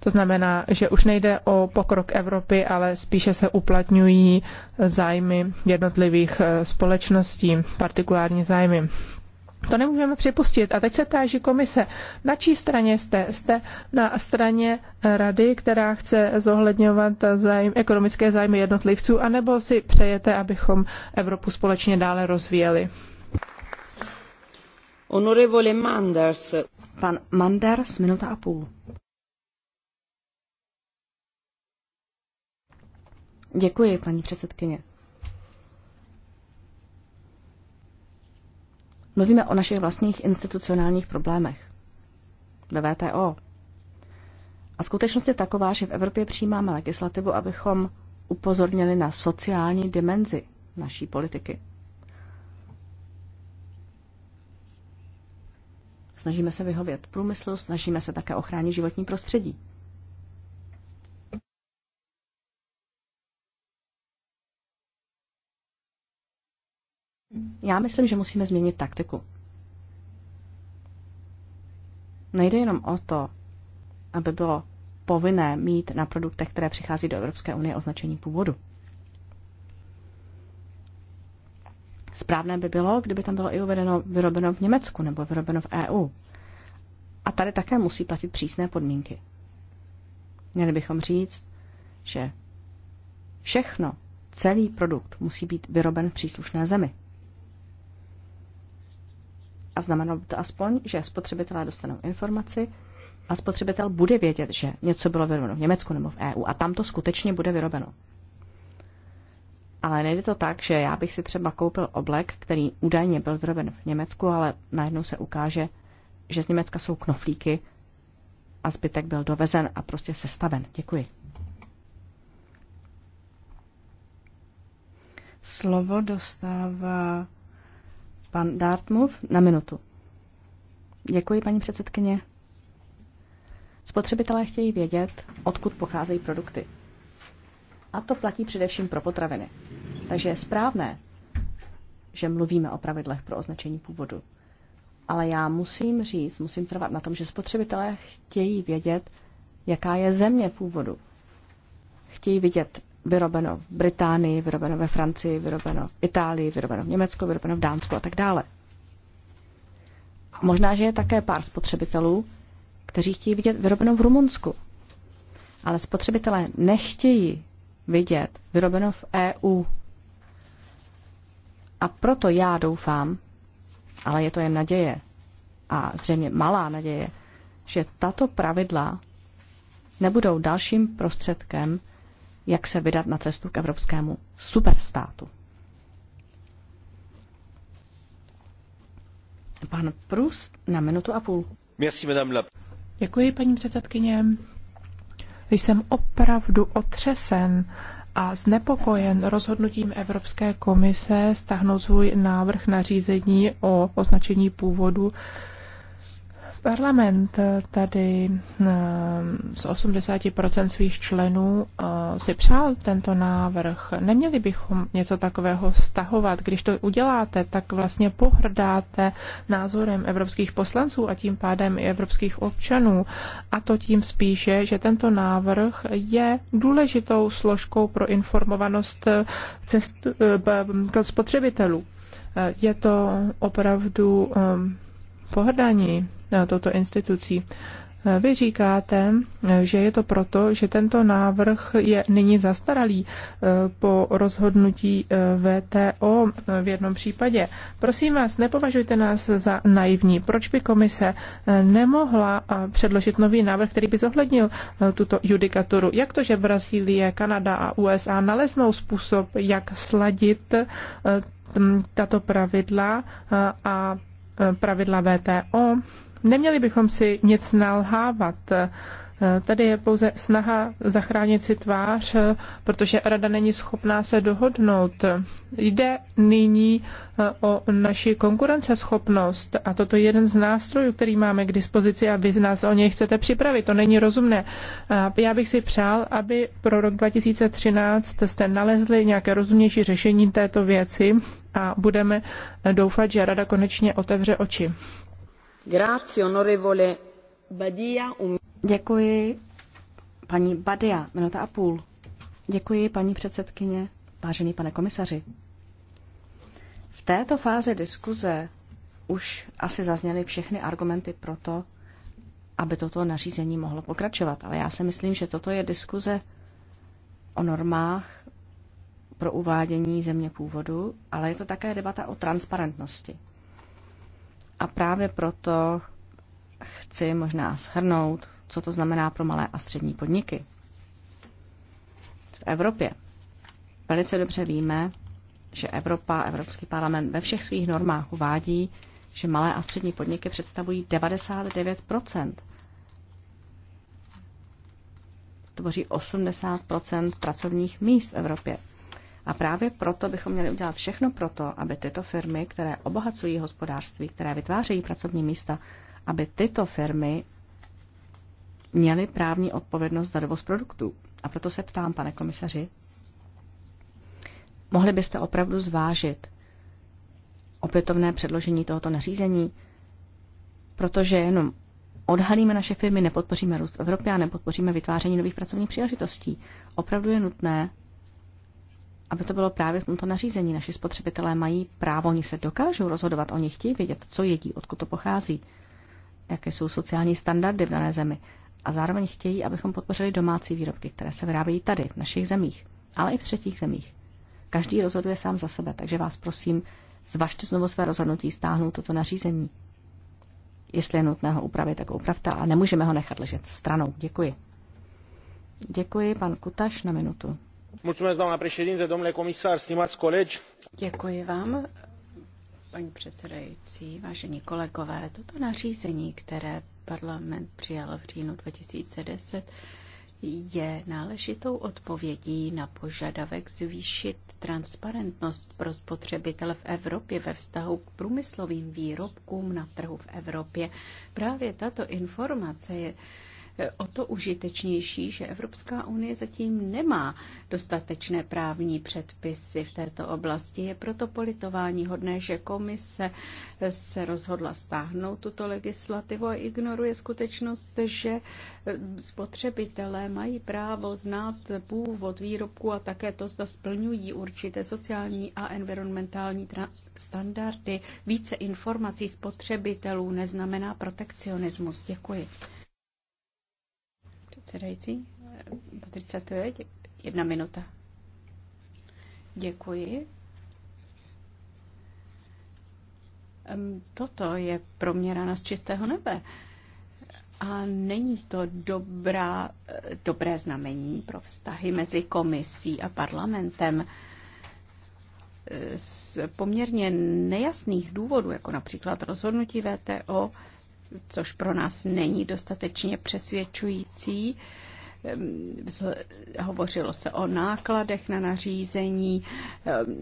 To znamená, že už nejde o pokrok Evropy, ale spíše se uplatňují eh, zájmy jednotlivých společností, partikulární zájmy. To nemůžeme připustit. A teď se táží komise. Na čí straně jste? Jste na straně rady, která chce zohledňovat zájem, ekonomické zájmy jednotlivců, anebo si přejete, abychom Evropu společně dále rozvíjeli? Honorevole Manders. Pan Manders, minuta a půl.
Děkuji, paní předsedkyně. Mluvíme o našich vlastních institucionálních problémech ve VTO. A skutečnost je taková, že v Evropě přijímáme legislativu, abychom upozornili na sociální dimenzi naší politiky. Snažíme se vyhovět průmyslu, snažíme se také ochránit životní prostředí. Já myslím, že musíme změnit taktiku. Nejde jenom o to, aby bylo povinné mít na produktech, které přichází do Evropské unie, označení původu. Správné by bylo, kdyby tam bylo i uvedeno vyrobeno v Německu nebo vyrobeno v EU. A tady také musí platit přísné podmínky. Měli bychom říct, že všechno, celý produkt musí být vyroben v příslušné zemi. A znamenalo by to aspoň, že spotřebitelé dostanou informaci a spotřebitel bude vědět, že něco bylo vyrobeno v Německu nebo v EU a tam to skutečně bude vyrobeno. Ale nejde to tak, že já bych si třeba koupil oblek, který údajně byl vyroben v Německu, ale najednou se ukáže, že z Německa jsou knoflíky a zbytek byl dovezen a prostě sestaven. Děkuji. Slovo dostává Pan Dartmouth na minutu. Děkuji, paní předsedkyně. Spotřebitelé chtějí vědět, odkud pocházejí produkty. A to platí především pro potraviny. Takže je správné, že mluvíme o pravidlech pro označení původu. Ale já musím říct, musím trvat na tom, že spotřebitelé chtějí vědět, jaká je země původu. Chtějí vidět vyrobeno v Británii, vyrobeno ve Francii, vyrobeno v Itálii, vyrobeno v Německu, vyrobeno v Dánsku a tak dále. A možná, že je také pár spotřebitelů, kteří chtějí vidět vyrobeno v Rumunsku. Ale spotřebitelé nechtějí vidět vyrobeno v EU. A proto já doufám, ale je to jen naděje, a zřejmě malá naděje, že tato pravidla nebudou dalším prostředkem, jak se vydat na cestu k evropskému superstátu. Pan Prust
na minutu a půl. Merci, madame la... Děkuji, paní předsedkyně. Jsem opravdu otřesen a znepokojen rozhodnutím Evropské komise stáhnout svůj návrh na řízení o označení původu Parlament tady eh, z 80% svých členů eh, si přál tento návrh. Neměli bychom něco takového stahovat. Když to uděláte, tak vlastně pohrdáte názorem evropských poslanců a tím pádem i evropských občanů. A to tím spíše, že tento návrh je důležitou složkou pro informovanost eh, cestu, spotřebitelů. Je to opravdu pohrdání eh, touto institucí. Eh, vy říkáte, eh, že je to proto, že tento návrh je nyní zastaralý po rozhodnutí VTO v jednom případě. Prosím vás, nepovažujte nás za naivní. Proč by komise nemohla předložit nový návrh, který by zohlednil tuto judikaturu? Jak to, že Brazílie, Kanada a USA naleznou způsob, jak sladit tato pravidla a pravidla VTO. Neměli bychom si nic nalhávat. Eh, tady je pouze snaha zachránit si tvář, eh, protože rada není schopná se dohodnout. Jde nyní eh, o naši konkurenceschopnost a toto je jeden z nástrojů, který máme k dispozici a vy nás o něj chcete připravit. To není rozumné. Já bych si přál, aby pro rok 2013 jste nalezli nějaké rozumnější řešení této věci a budeme doufat, že rada konečně otevře oči.
Grazie, onorevole Badia um...
Děkuji, paní
Badia, minuta a půl. Děkuji, paní předsedkyně, vážený pane komisaři. V této fázi diskuze už asi zazněly všechny argumenty pro to, aby toto nařízení mohlo pokračovat. Ale já si myslím, že toto je diskuze o normách pro uvádění země původu, ale je to také debata o transparentnosti. A právě proto chci možná shrnout, co to znamená pro malé a střední podniky. V Evropě velice dobře víme, že Evropa, Evropský parlament ve všech svých normách uvádí, že malé a střední podniky představují 99 Tvoří 80 pracovních míst v Evropě. A právě proto bychom měli udělat všechno proto, aby tyto firmy, které obohacují hospodářství, které vytvářejí pracovní místa, aby tyto firmy měly právní odpovědnost za dovoz produktů. A proto se ptám, pane komisaři, mohli byste opravdu zvážit opětovné předložení tohoto nařízení, protože jenom odhalíme naše firmy, nepodpoříme růst v Evropě a nepodpoříme vytváření nových pracovních příležitostí. Opravdu je nutné, aby to bylo právě v tomto nařízení. Naši spotřebitelé mají právo, oni se dokážou rozhodovat, oni chtějí vědět, co jedí, odkud to pochází jaké jsou sociální standardy v dané zemi. A zároveň chtějí, abychom podpořili domácí výrobky, které se vyrábějí tady, v našich zemích, ale i v třetích zemích. Každý rozhoduje sám za sebe, takže vás prosím, zvažte znovu své rozhodnutí stáhnout toto nařízení. Jestli je nutné ho upravit, tak ho upravte a nemůžeme ho nechat ležet stranou. Děkuji.
Děkuji, pan Kutaš, na minutu. Děkuji vám, paní předsedající, vážení kolegové, toto nařízení, které parlament přijal v říjnu 2010, je náležitou odpovědí na požadavek zvýšit transparentnost pro spotřebitele v Evropě ve vztahu k průmyslovým výrobkům na trhu v Evropě. Právě tato informace je o to užitečnější, že Evropská unie zatím nemá dostatečné právní předpisy v této oblasti. Je proto politování hodné, že komise se rozhodla stáhnout tuto legislativu a ignoruje skutečnost, že spotřebitelé mají právo znát původ výrobku a také to, zda splňují určité sociální a environmentální standardy. Více informací spotřebitelů neznamená protekcionismus. Děkuji předsedající. Patrice, to je jedna minuta. Děkuji. Toto je proměra z čistého nebe. A není to dobrá, dobré znamení pro vztahy mezi komisí a parlamentem. Z poměrně nejasných důvodů, jako například rozhodnutí VTO, což pro nás není dostatečně přesvědčující. Ehm, hovořilo se o nákladech na nařízení, ehm,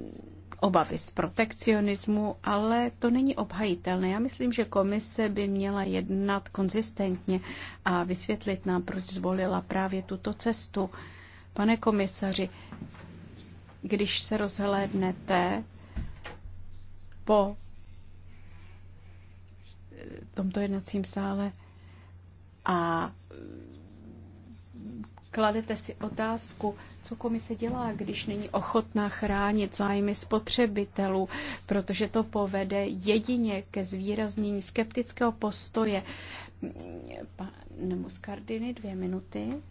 obavy z protekcionismu, ale to není obhajitelné. Já myslím, že komise by měla jednat konzistentně a vysvětlit nám, proč zvolila právě tuto cestu. Pane komisaři, když se rozhlédnete po tomto jednacím sále a kladete si otázku, co komise dělá, když není ochotná chránit zájmy spotřebitelů, protože to povede jedině ke zvýraznění skeptického postoje. Pane Muscardini, dvě minuty.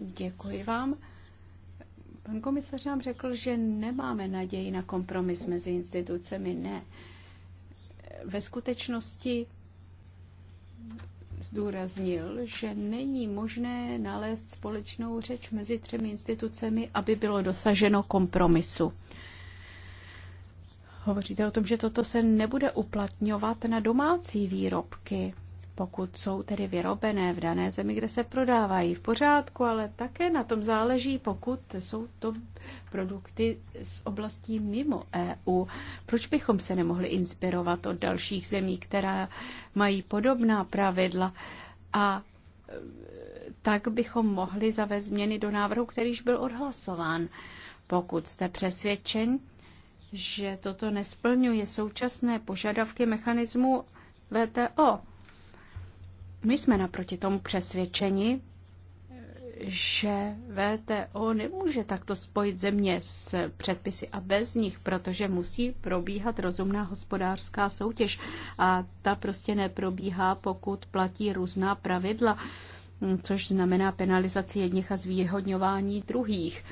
Děkuji vám. Pan komisař nám řekl, že nemáme naději na kompromis mezi institucemi. Ne. Ve skutečnosti zdůraznil, že není možné nalézt společnou řeč mezi třemi institucemi, aby bylo dosaženo kompromisu. Hovoříte o tom, že toto se nebude uplatňovat na domácí výrobky pokud jsou tedy vyrobené v dané zemi, kde se prodávají v pořádku, ale také na tom záleží, pokud jsou to produkty z oblastí mimo EU. Proč bychom se nemohli inspirovat od dalších zemí, která mají podobná pravidla a e, tak bychom mohli zavést změny do návrhu, kterýž byl odhlasován. Pokud jste přesvědčen, že toto nesplňuje současné požadavky mechanismu VTO, my jsme naproti tomu přesvědčeni, že VTO nemůže takto spojit země s předpisy a bez nich, protože musí probíhat rozumná hospodářská soutěž a ta prostě neprobíhá, pokud platí různá pravidla, což znamená penalizaci jedních a zvýhodňování druhých.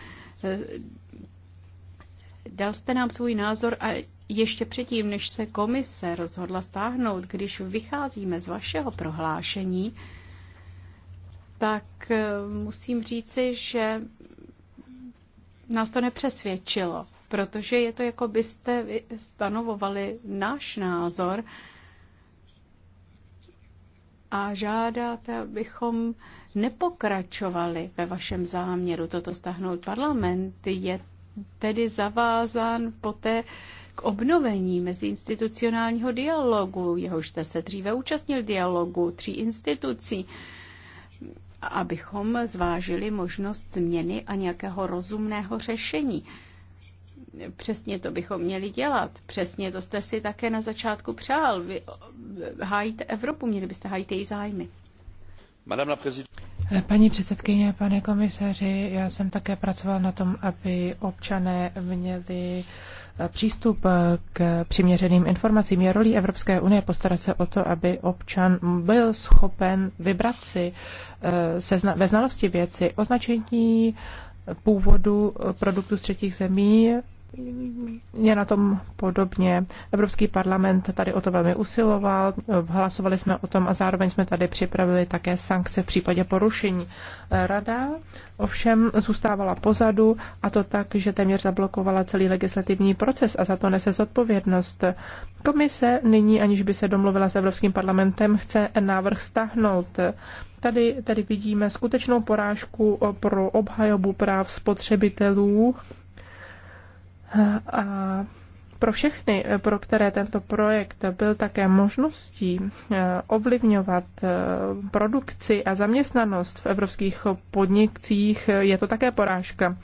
Dal jste nám svůj názor a ještě předtím, než se komise rozhodla stáhnout, když vycházíme z vašeho prohlášení, tak eh, musím říci, že nás to nepřesvědčilo, protože je to, jako byste stanovovali náš názor a žádáte, abychom nepokračovali ve vašem záměru toto stáhnout. Parlament je tedy zavázán po té k obnovení meziinstitucionálního dialogu, jehož jste se dříve účastnil dialogu tří institucí, abychom zvážili možnost změny a nějakého rozumného řešení. Přesně to bychom měli dělat. Přesně to jste si také na začátku přál. Vy eh, hájíte Evropu, měli byste hájit její zájmy.
Paní předsedkyně, pane komisaři, já jsem také pracoval na tom, aby občané měli přístup eh, k přiměřeným informacím. Je rolí Evropské unie postarat se o to, aby občan byl schopen vybrat si eh, se zna- ve znalosti věci označení původu produktů z třetích zemí je na tom podobně. Evropský parlament tady o to velmi usiloval, hlasovali jsme o tom a zároveň jsme tady připravili také sankce v případě porušení. Rada ovšem zůstávala pozadu a to tak, že téměř zablokovala celý legislativní proces a za to nese zodpovědnost. Komise nyní, aniž by se domluvila s Evropským parlamentem, chce návrh stahnout. Tady, tady vidíme skutečnou porážku pro obhajobu práv spotřebitelů a pro všechny, pro které tento projekt byl také možností eh, ovlivňovat eh, produkci a zaměstnanost v evropských podnikcích, eh, je to také porážka.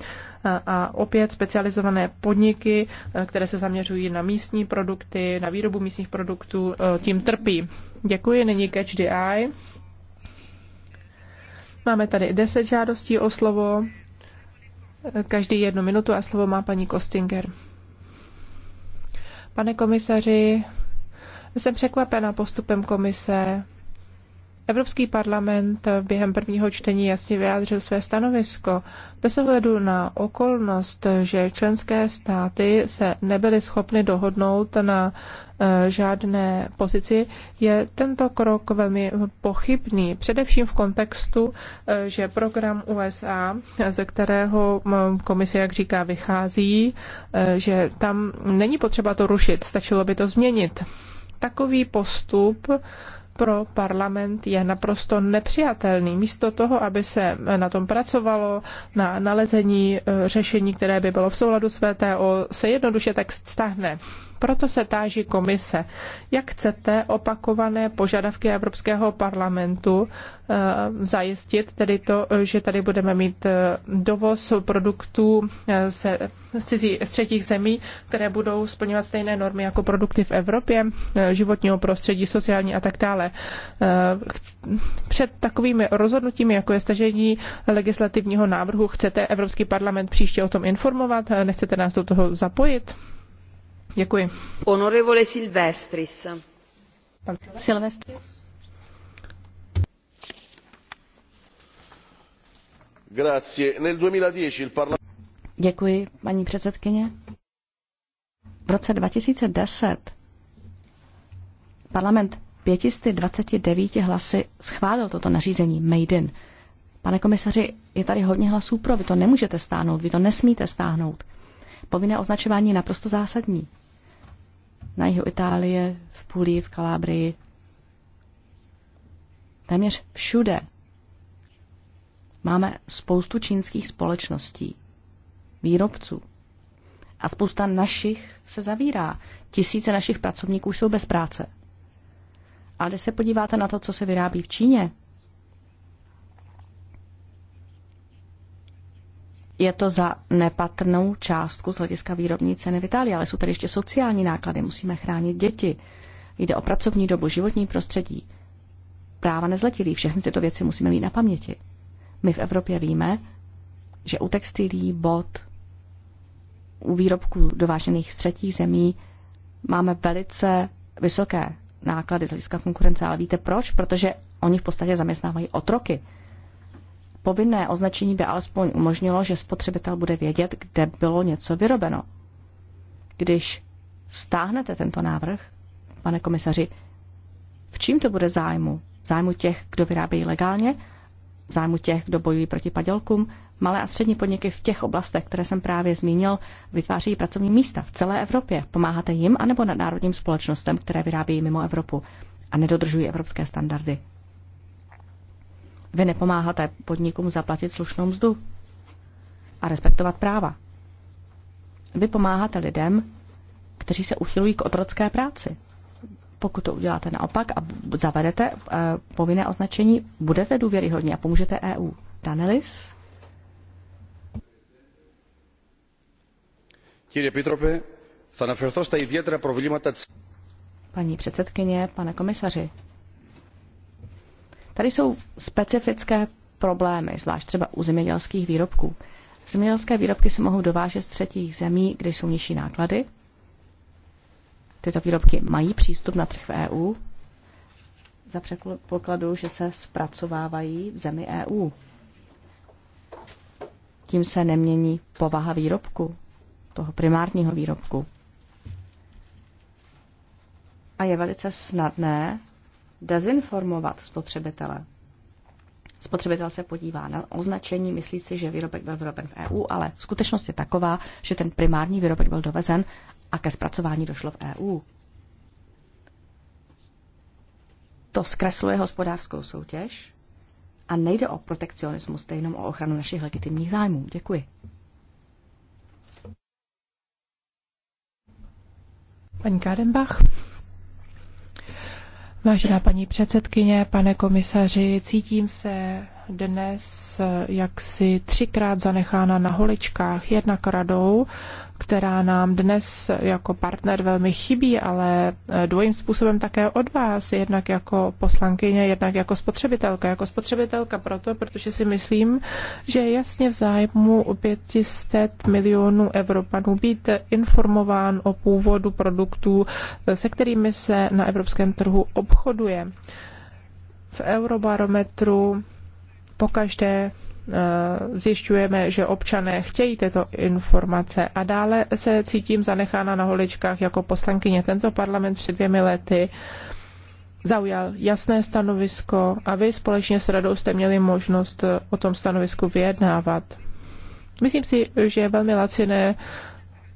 A opět specializované podniky, které se zaměřují na místní produkty, na výrobu místních produktů, tím trpí. Děkuji, nyní Catch the Eye. Máme tady 10 žádostí o slovo Každý jednu minutu a slovo má paní Kostinger. Pane komisaři, jsem překvapena postupem komise Evropský parlament během prvního čtení jasně vyjádřil své stanovisko. Bez ohledu na okolnost, že členské státy se nebyly schopny dohodnout na eh, žádné pozici, je tento krok velmi pochybný, především v kontextu, eh, že program USA, ze kterého mm, komise, jak říká, vychází, eh, že tam není potřeba to rušit, stačilo by to změnit. Takový postup pro parlament je naprosto nepřijatelný. Místo toho, aby se na tom pracovalo, na nalezení eh, řešení, které by bylo v souladu s VTO, se jednoduše tak stáhne. Proto se táží komise, jak chcete opakované požadavky Evropského parlamentu eh, zajistit, tedy to, že tady budeme mít eh, dovoz produktů eh, se, z, cizí, z třetích zemí, které budou splňovat stejné normy jako produkty v Evropě, životního prostředí, sociální a tak dále. Před takovými rozhodnutími, jako je stažení legislativního návrhu, chcete Evropský parlament příště o tom informovat? Nechcete nás do toho zapojit? Děkuji.
Honorevole Silvestris. Silvestris.
Děkuji, paní předsedkyně. V roce 2010 parlament 529 hlasy schválil toto nařízení Made in. Pane komisaři, je tady hodně hlasů pro, vy to nemůžete stáhnout, vy to nesmíte stáhnout. Povinné označování je naprosto zásadní na jihu Itálie, v Puli v Kalábrii. Téměř všude máme spoustu čínských společností, výrobců. A spousta našich se zavírá. Tisíce našich pracovníků jsou bez práce. A když se podíváte na to, co se vyrábí v Číně, je to za nepatrnou částku z hlediska výrobní ceny v Itálii, ale jsou tady ještě sociální náklady, musíme chránit děti. Jde o pracovní dobu, životní prostředí, práva nezletilých, všechny tyto věci musíme mít na paměti. My v Evropě víme, že u textilí, bot, u výrobků dovážených z třetích zemí máme velice vysoké náklady z hlediska konkurence, ale víte proč? Protože oni v podstatě zaměstnávají otroky povinné označení by alespoň umožnilo, že spotřebitel bude vědět, kde bylo něco vyrobeno. Když stáhnete tento návrh, pane komisaři, v čím to bude zájmu? Zájmu těch, kdo vyrábějí legálně, zájmu těch, kdo bojují proti padělkům. Malé a střední podniky v těch oblastech, které jsem právě zmínil, vytváří pracovní místa v celé Evropě. Pomáháte jim anebo nadnárodním společnostem, které vyrábějí mimo Evropu a nedodržují evropské standardy. Vy nepomáháte podnikům zaplatit slušnou mzdu a respektovat práva. Vy pomáháte lidem, kteří se uchylují k otrocké práci. Pokud to uděláte naopak a zavedete uh, povinné označení, budete důvěryhodní a pomůžete EU. Danelis? Paní předsedkyně, pane komisaři, Tady jsou specifické problémy, zvlášť třeba u zemědělských výrobků. Zemědělské výrobky se mohou dovážet z třetích zemí, kde jsou nižší náklady. Tyto výrobky mají přístup na trh v EU za předpokladu, že se zpracovávají v zemi EU. Tím se nemění povaha výrobku, toho primárního výrobku. A je velice snadné dezinformovat spotřebitele. Spotřebitel se podívá na označení, myslí si, že výrobek byl vyroben v EU, ale skutečnost je taková, že ten primární výrobek byl dovezen a ke zpracování došlo v EU. To zkresluje hospodářskou soutěž a nejde o protekcionismus, stejnou jenom o ochranu našich legitimních zájmů. Děkuji.
Paní Kádenbach. Vážená paní předsedkyně, pane komisaři, cítím se dnes jaksi třikrát zanechána na holičkách, jednak radou, která nám dnes jako partner velmi chybí, ale eh, dvojím způsobem také od vás, jednak jako poslankyně, jednak jako spotřebitelka. Jako spotřebitelka proto, protože si myslím, že je jasně v zájmu 500 milionů Evropanů být informován o původu produktů, eh, se kterými se na evropském trhu obchoduje. V Eurobarometru pokaždé eh, zjišťujeme, že občané chtějí tyto informace a dále se cítím zanechána na holičkách jako poslankyně. Tento parlament před dvěmi lety zaujal jasné stanovisko a vy společně s radou jste měli možnost o tom stanovisku vyjednávat. Myslím si, že je velmi laciné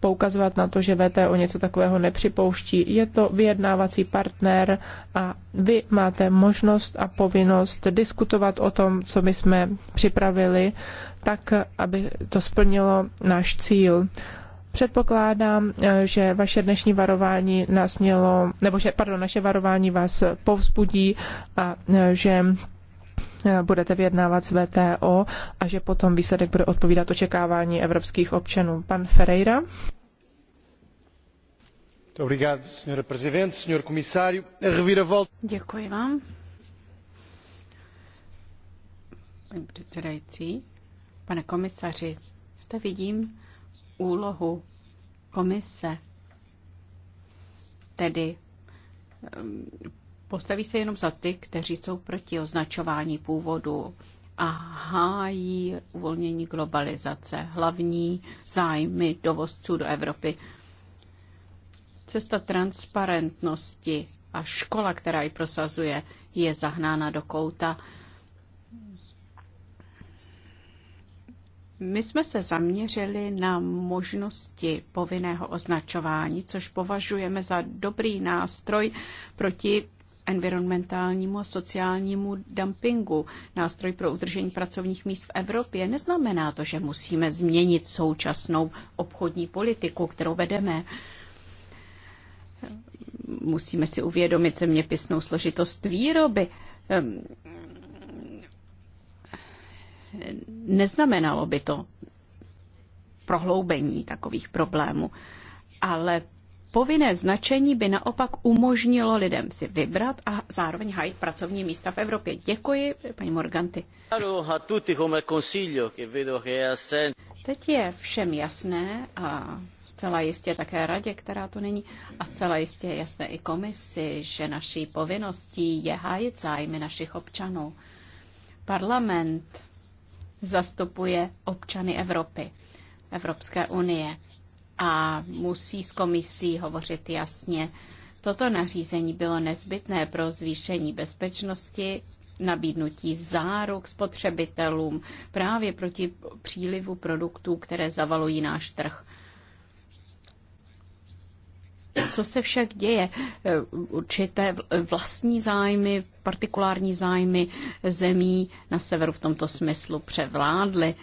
poukazovat na to, že VTO něco takového nepřipouští. Je to vyjednávací partner a vy máte možnost a povinnost diskutovat o tom, co my jsme připravili, tak, aby to splnilo náš cíl. Předpokládám, eh, že vaše dnešní varování nás mělo, nebo že, pardon, naše varování vás povzbudí a eh, že Eh, budete vyjednávat s VTO a že potom výsledek bude odpovídat očekávání evropských občanů. Pan Ferreira. Děkuji vám.
Pane předsedající, pane komisaři, zde vidím úlohu komise, tedy postaví se jenom za ty, kteří jsou proti označování původu a hájí uvolnění globalizace, hlavní zájmy dovozců do Evropy. Cesta transparentnosti a škola, která ji prosazuje, je zahnána do kouta. My jsme se zaměřili na možnosti povinného označování, což považujeme za dobrý nástroj proti environmentálnímu a sociálnímu dumpingu, nástroj pro udržení pracovních míst v Evropě, neznamená to, že musíme změnit současnou obchodní politiku, kterou vedeme musíme si uvědomit zeměpisnou složitost výroby. Ehm, neznamenalo by to prohloubení takových problémů, ale Povinné značení by naopak umožnilo lidem si vybrat a zároveň hájit pracovní místa v Evropě. Děkuji, paní Morganti. Teď je všem jasné a zcela jistě také radě, která tu není, a zcela jistě jasné i komisi, že naší povinností je hájit zájmy našich občanů. Parlament zastupuje občany Evropy, Evropské unie a musí s komisí hovořit jasně. Toto nařízení bylo nezbytné pro zvýšení bezpečnosti, nabídnutí záruk spotřebitelům právě proti přílivu produktů, které zavalují náš trh. Co se však děje? Určité vlastní zájmy, partikulární zájmy zemí na severu v tomto smyslu převládly.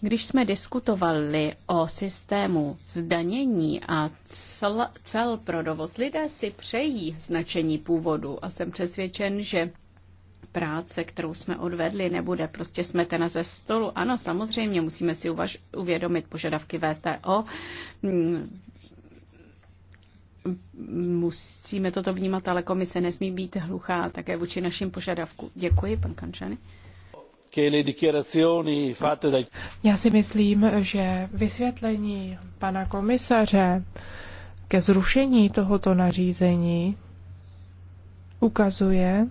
Když jsme diskutovali o systému zdanění a cel, cel pro dovoz, lidé si přejí značení původu a jsem přesvědčen, že práce, kterou jsme odvedli, nebude prostě smetena ze stolu. Ano, samozřejmě musíme si uvaž, uvědomit požadavky VTO. Musíme toto vnímat, ale komise nesmí být hluchá také vůči našim požadavkům. Děkuji,
pan Kančany. Já si myslím, že vysvětlení pana komisaře ke zrušení tohoto nařízení ukazuje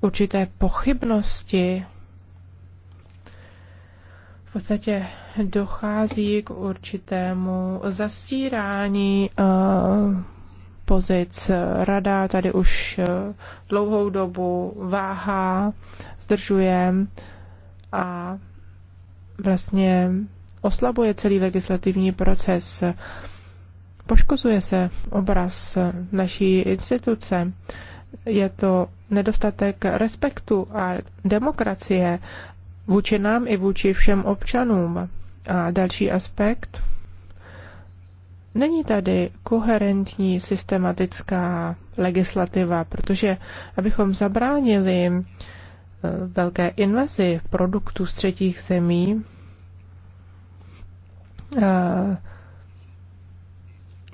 určité pochybnosti. V podstatě dochází k určitému zastírání uh, pozic. Rada tady už eh, dlouhou dobu váhá, zdržuje a vlastně oslabuje celý legislativní proces. Poškozuje se obraz naší instituce. Je to nedostatek respektu a demokracie vůči nám i vůči všem občanům. A další aspekt Není tady koherentní systematická legislativa, protože abychom zabránili eh, velké invazi produktů z třetích zemí, eh,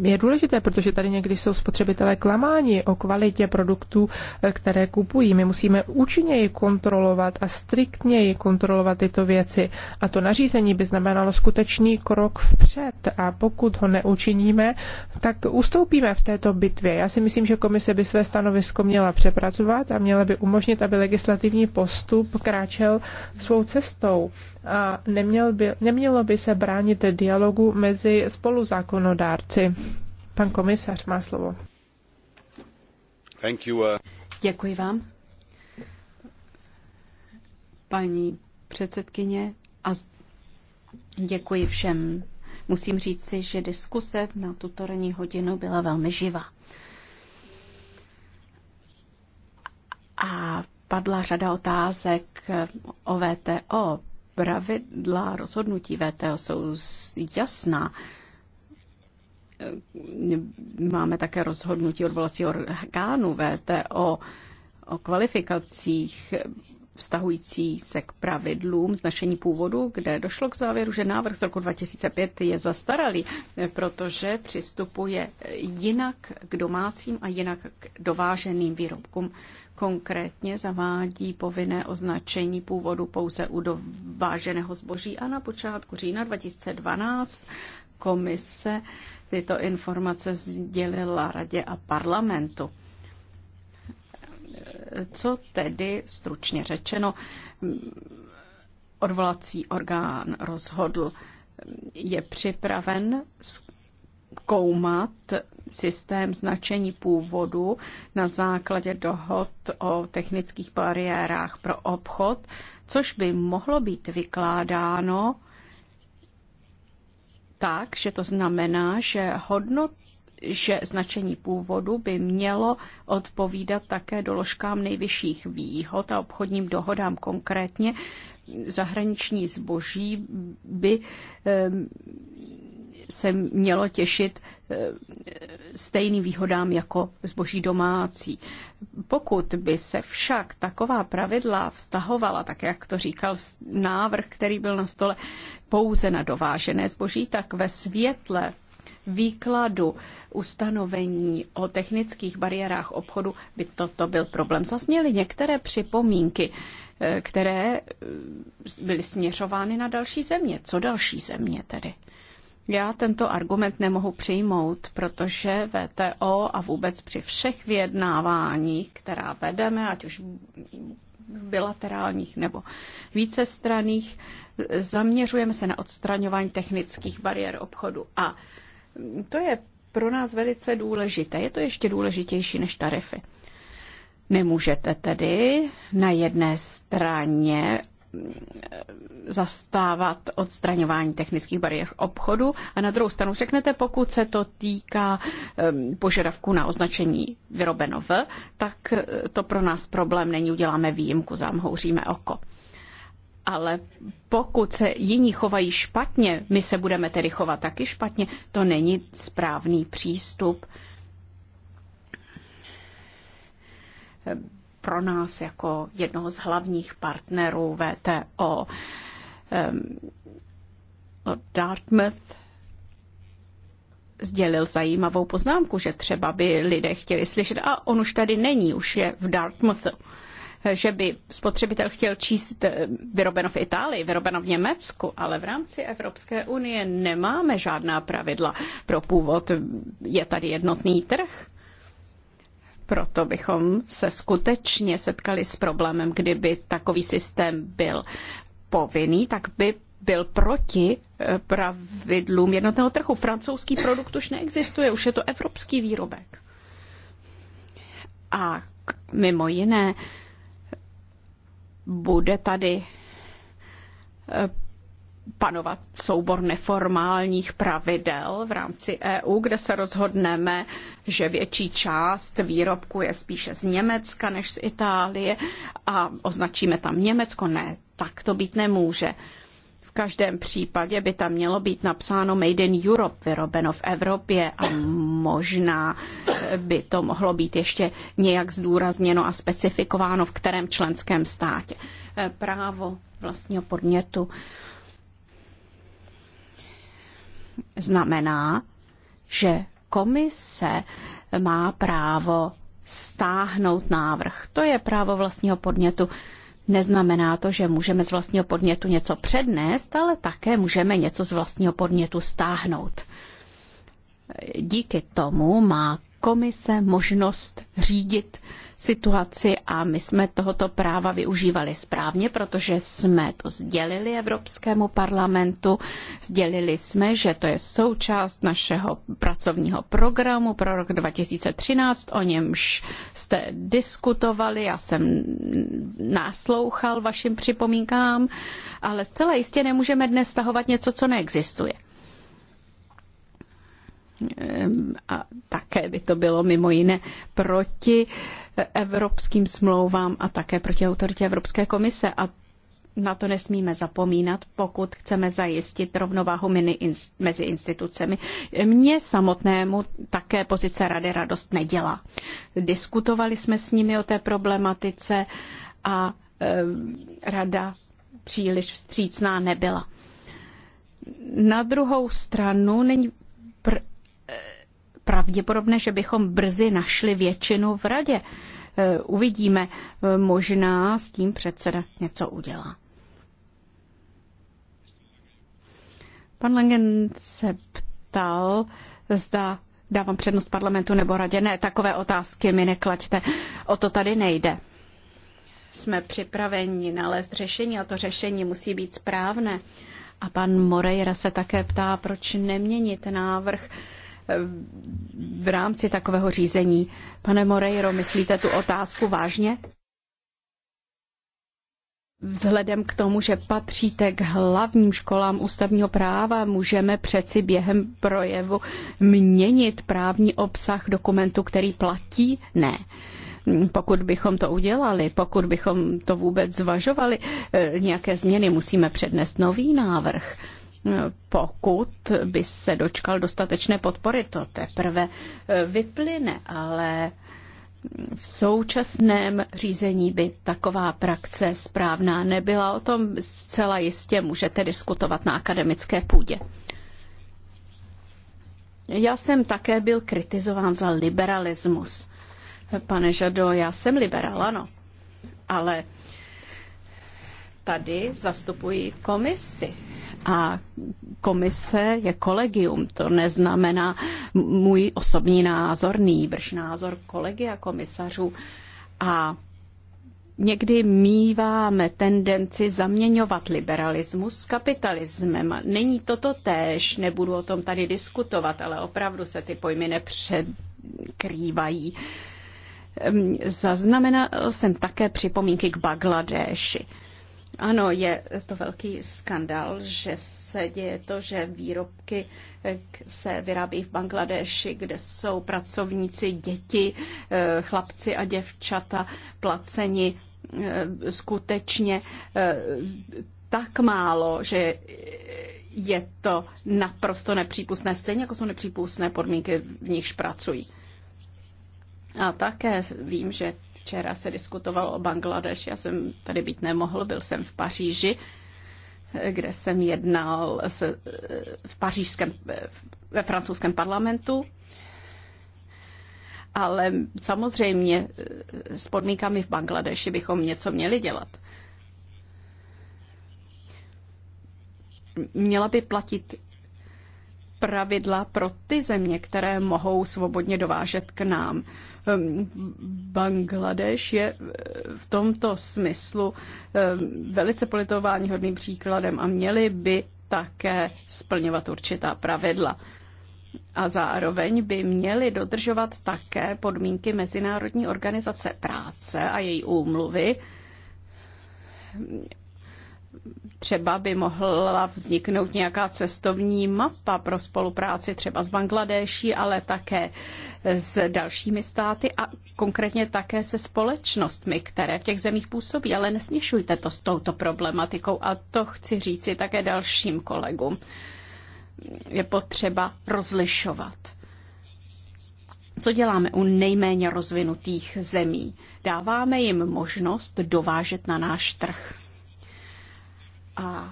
je důležité, protože tady někdy jsou spotřebitelé klamáni o kvalitě produktů, eh, které kupují. My musíme účinněji kontrolovat a striktněji kontrolovat tyto věci. A to nařízení by znamenalo skutečný krok vpřed. A pokud ho neučiníme, tak ustoupíme v této bitvě. Já si myslím, že komise by své stanovisko měla přepracovat a měla by umožnit, aby legislativní postup kráčel svou cestou a neměl by, nemělo by se bránit dialogu mezi spoluzákonodárci. Pan komisař má slovo. Thank you, uh... Děkuji vám.
Paní předsedkyně a děkuji všem. Musím říci, že diskuse na tuto ranní hodinu byla velmi živá. A padla řada otázek o VTO, pravidla rozhodnutí VTO jsou jasná. Máme také rozhodnutí odvolacího orgánu VTO o kvalifikacích vztahující se k pravidlům značení původu, kde došlo k závěru, že návrh z roku 2005 je zastaralý, protože přistupuje jinak k domácím a jinak k dováženým výrobkům. Konkrétně zavádí povinné označení původu pouze u dováženého zboží a na počátku října 2012 komise tyto informace sdělila radě a parlamentu. Co tedy stručně řečeno odvolací orgán rozhodl, je připraven koumat systém značení původu na základě dohod o technických bariérách pro obchod, což by mohlo být vykládáno tak, že to znamená, že hodnot že značení původu by mělo odpovídat také doložkám nejvyšších výhod a obchodním dohodám konkrétně. Zahraniční zboží by se mělo těšit eh, stejným výhodám jako zboží domácí. Pokud by se však taková pravidla vztahovala, tak jak to říkal návrh, který byl na stole, pouze na dovážené zboží, tak ve světle výkladu ustanovení o technických bariérách obchodu by toto byl problém. Zasněly některé připomínky, eh, které eh, byly směřovány na další země. Co další země tedy? Já tento argument nemohu přijmout, protože VTO a vůbec při všech vyjednáváních, která vedeme, ať už bilaterálních nebo vícestraných, zaměřujeme se na odstraňování technických bariér obchodu. A to je pro nás velice důležité. Je to ještě důležitější než tarify. Nemůžete tedy na jedné straně zastávat odstraňování technických bariér obchodu a na druhou stranu řeknete, pokud se to týká požadavku na označení vyrobeno v, tak eh, to pro nás problém není, uděláme výjimku, zamhouříme oko ale pokud se jiní chovají špatně, my se budeme tedy chovat taky špatně, to není správný přístup pro nás jako jednoho z hlavních partnerů VTO. Ehm, od Dartmouth sdělil zajímavou poznámku, že třeba by lidé chtěli slyšet, a on už tady není, už je v Dartmouthu, že by spotřebitel chtěl číst eh, vyrobeno v Itálii, vyrobeno v Německu, ale v rámci Evropské unie nemáme žádná pravidla pro původ. Je tady jednotný trh proto bychom se skutečně setkali s problémem, kdyby takový systém byl povinný, tak by byl proti eh, pravidlům jednotného trhu. Francouzský produkt už neexistuje, už je to evropský výrobek. A mimo jiné bude tady eh, panovat soubor neformálních pravidel v rámci EU, kde se rozhodneme, že větší část výrobku je spíše z Německa než z Itálie a označíme tam Německo. Ne, tak to být nemůže. V každém případě by tam mělo být napsáno Made in Europe, vyrobeno v Evropě a možná eh, by to mohlo být ještě nějak zdůrazněno a specifikováno, v kterém členském státě. Eh, právo vlastního podnětu znamená, že komise má právo stáhnout návrh. To je právo vlastního podnětu. Neznamená to, že můžeme z vlastního podnětu něco přednést, ale také můžeme něco z vlastního podnětu stáhnout. Díky tomu má komise možnost řídit situaci a my jsme tohoto práva využívali správně, protože jsme to sdělili Evropskému parlamentu, sdělili jsme, že to je součást našeho pracovního programu pro rok 2013, o němž jste diskutovali, já jsem náslouchal vašim připomínkám, ale zcela jistě nemůžeme dnes stahovat něco, co neexistuje. Ehm, a také by to bylo mimo jiné proti evropským smlouvám a také proti autoritě Evropské komise. A na to nesmíme zapomínat, pokud chceme zajistit rovnováhu mezi institucemi. Mně samotnému také pozice Rady radost nedělá. Diskutovali jsme s nimi o té problematice a e, Rada příliš vstřícná nebyla. Na druhou stranu není pravděpodobné, že bychom brzy našli většinu v radě. E, uvidíme, e, možná s tím předseda něco udělá. Pan Langen se ptal, zda dávám přednost parlamentu nebo radě. Ne, takové otázky mi neklaďte. O to tady nejde. Jsme připraveni nalézt řešení a to řešení musí být správné. A pan Moreira se také ptá, proč neměnit návrh v rámci takového řízení. Pane Moreiro, myslíte tu otázku vážně? Vzhledem k tomu, že patříte k hlavním školám ústavního práva, můžeme přeci během projevu měnit právní obsah dokumentu, který platí? Ne pokud bychom to udělali, pokud bychom to vůbec zvažovali, eh, nějaké změny musíme přednést nový návrh pokud by se dočkal dostatečné podpory, to teprve eh, vyplyne, ale v současném řízení by taková praxe správná nebyla. O tom zcela jistě můžete diskutovat na akademické půdě. Já jsem také byl kritizován za liberalismus. Pane Žado, já jsem liberál, ano. Ale tady zastupuji komisi a komise je kolegium, to neznamená můj osobní názor, nýbrž názor kolegy a komisařů. A někdy míváme tendenci zaměňovat liberalismus s kapitalismem. Není toto též, nebudu o tom tady diskutovat, ale opravdu se ty pojmy nepřekrývají. Ehm, zaznamenal jsem také připomínky k Bangladeši. Ano, je to velký skandal, že se děje to, že výrobky eh, se vyrábí v Bangladeši, kde jsou pracovníci, děti, eh, chlapci a děvčata placeni eh, skutečně tak málo, že je to naprosto nepřípustné, stejně jako jsou nepřípustné podmínky, v nichž pracují. A také vím, že Včera se diskutovalo o Bangladeš, já jsem tady být nemohl, byl jsem v Paříži, kde jsem jednal se, v pařížském, ve francouzském parlamentu. Ale samozřejmě s podmínkami v Bangladeši bychom něco měli dělat. Měla by platit pravidla pro ty země, které mohou svobodně dovážet k nám. Ehm, Bangladeš je eh, v tomto smyslu ehm, velice politování hodným příkladem a měli by také splňovat určitá pravidla. A zároveň by měli dodržovat také podmínky Mezinárodní organizace práce a její úmluvy, Třeba by mohla vzniknout nějaká cestovní mapa pro spolupráci třeba s Bangladeší, ale také s dalšími státy a konkrétně také se společnostmi, které v těch zemích působí. Ale nesměšujte to s touto problematikou a to chci říci také dalším kolegům. Je potřeba rozlišovat co děláme u nejméně rozvinutých zemí? Dáváme jim možnost dovážet na náš trh. A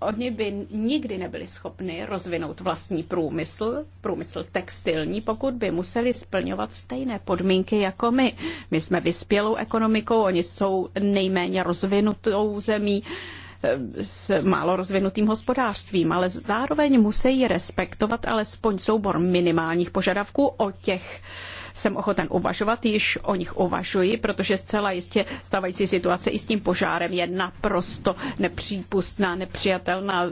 oni by nikdy nebyli schopni rozvinout vlastní průmysl, průmysl textilní, pokud by museli splňovat stejné podmínky jako my. My jsme vyspělou ekonomikou, oni jsou nejméně rozvinutou zemí eh, s málo rozvinutým hospodářstvím, ale zároveň musí respektovat alespoň soubor minimálních požadavků o těch jsem ochoten uvažovat, již o nich uvažuji, protože zcela jistě stávající situace i s tím požárem je naprosto nepřípustná, nepřijatelná.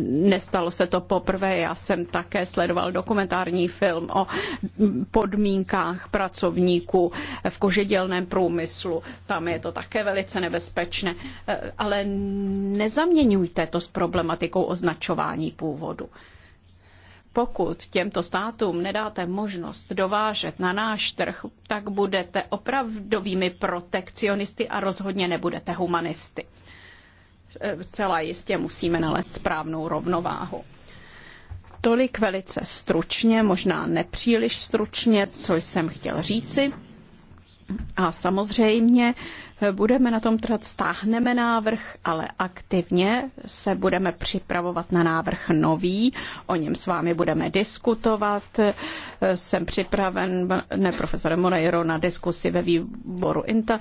Nestalo se to poprvé, já jsem také sledoval dokumentární film o podmínkách pracovníků v kožedělném průmyslu. Tam je to také velice nebezpečné, ale nezaměňujte to s problematikou označování původu pokud těmto státům nedáte možnost dovážet na náš trh, tak budete opravdovými protekcionisty a rozhodně nebudete humanisty. Zcela jistě musíme nalézt správnou rovnováhu. Tolik velice stručně, možná nepříliš stručně, co jsem chtěl říci. A samozřejmě budeme na tom trvat, stáhneme návrh, ale aktivně se budeme připravovat na návrh nový, o něm s vámi budeme diskutovat. Jsem připraven, ne profesore Moreiro, na diskusi ve výboru INTA,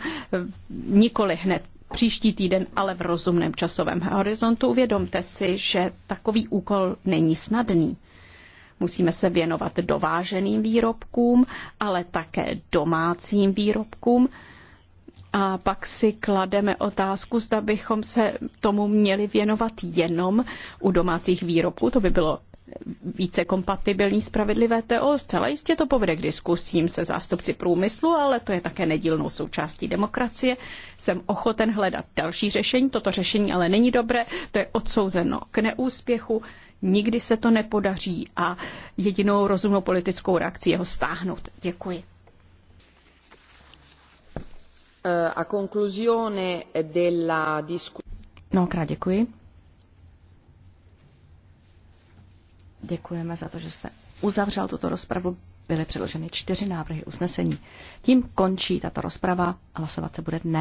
nikoli hned příští týden, ale v rozumném časovém horizontu. Uvědomte si, že takový úkol není snadný. Musíme se věnovat dováženým výrobkům, ale také domácím výrobkům, a pak si klademe otázku, zda bychom se tomu měli věnovat jenom u domácích výrobků. To by bylo více kompatibilní spravedlivé TO. Zcela jistě to povede k diskusím se zástupci průmyslu, ale to je také nedílnou součástí demokracie. Jsem ochoten hledat další řešení, toto řešení ale není dobré, to je odsouzeno k neúspěchu, nikdy se to nepodaří a jedinou rozumnou politickou reakcí je ho stáhnout. Děkuji. Eh, a conclusione della discussione.
No, děkuji. Děkujeme za to, že jste uzavřel tuto rozpravu. Byly předloženy čtyři návrhy usnesení. Tím končí tato rozprava. Hlasovat se bude dnes.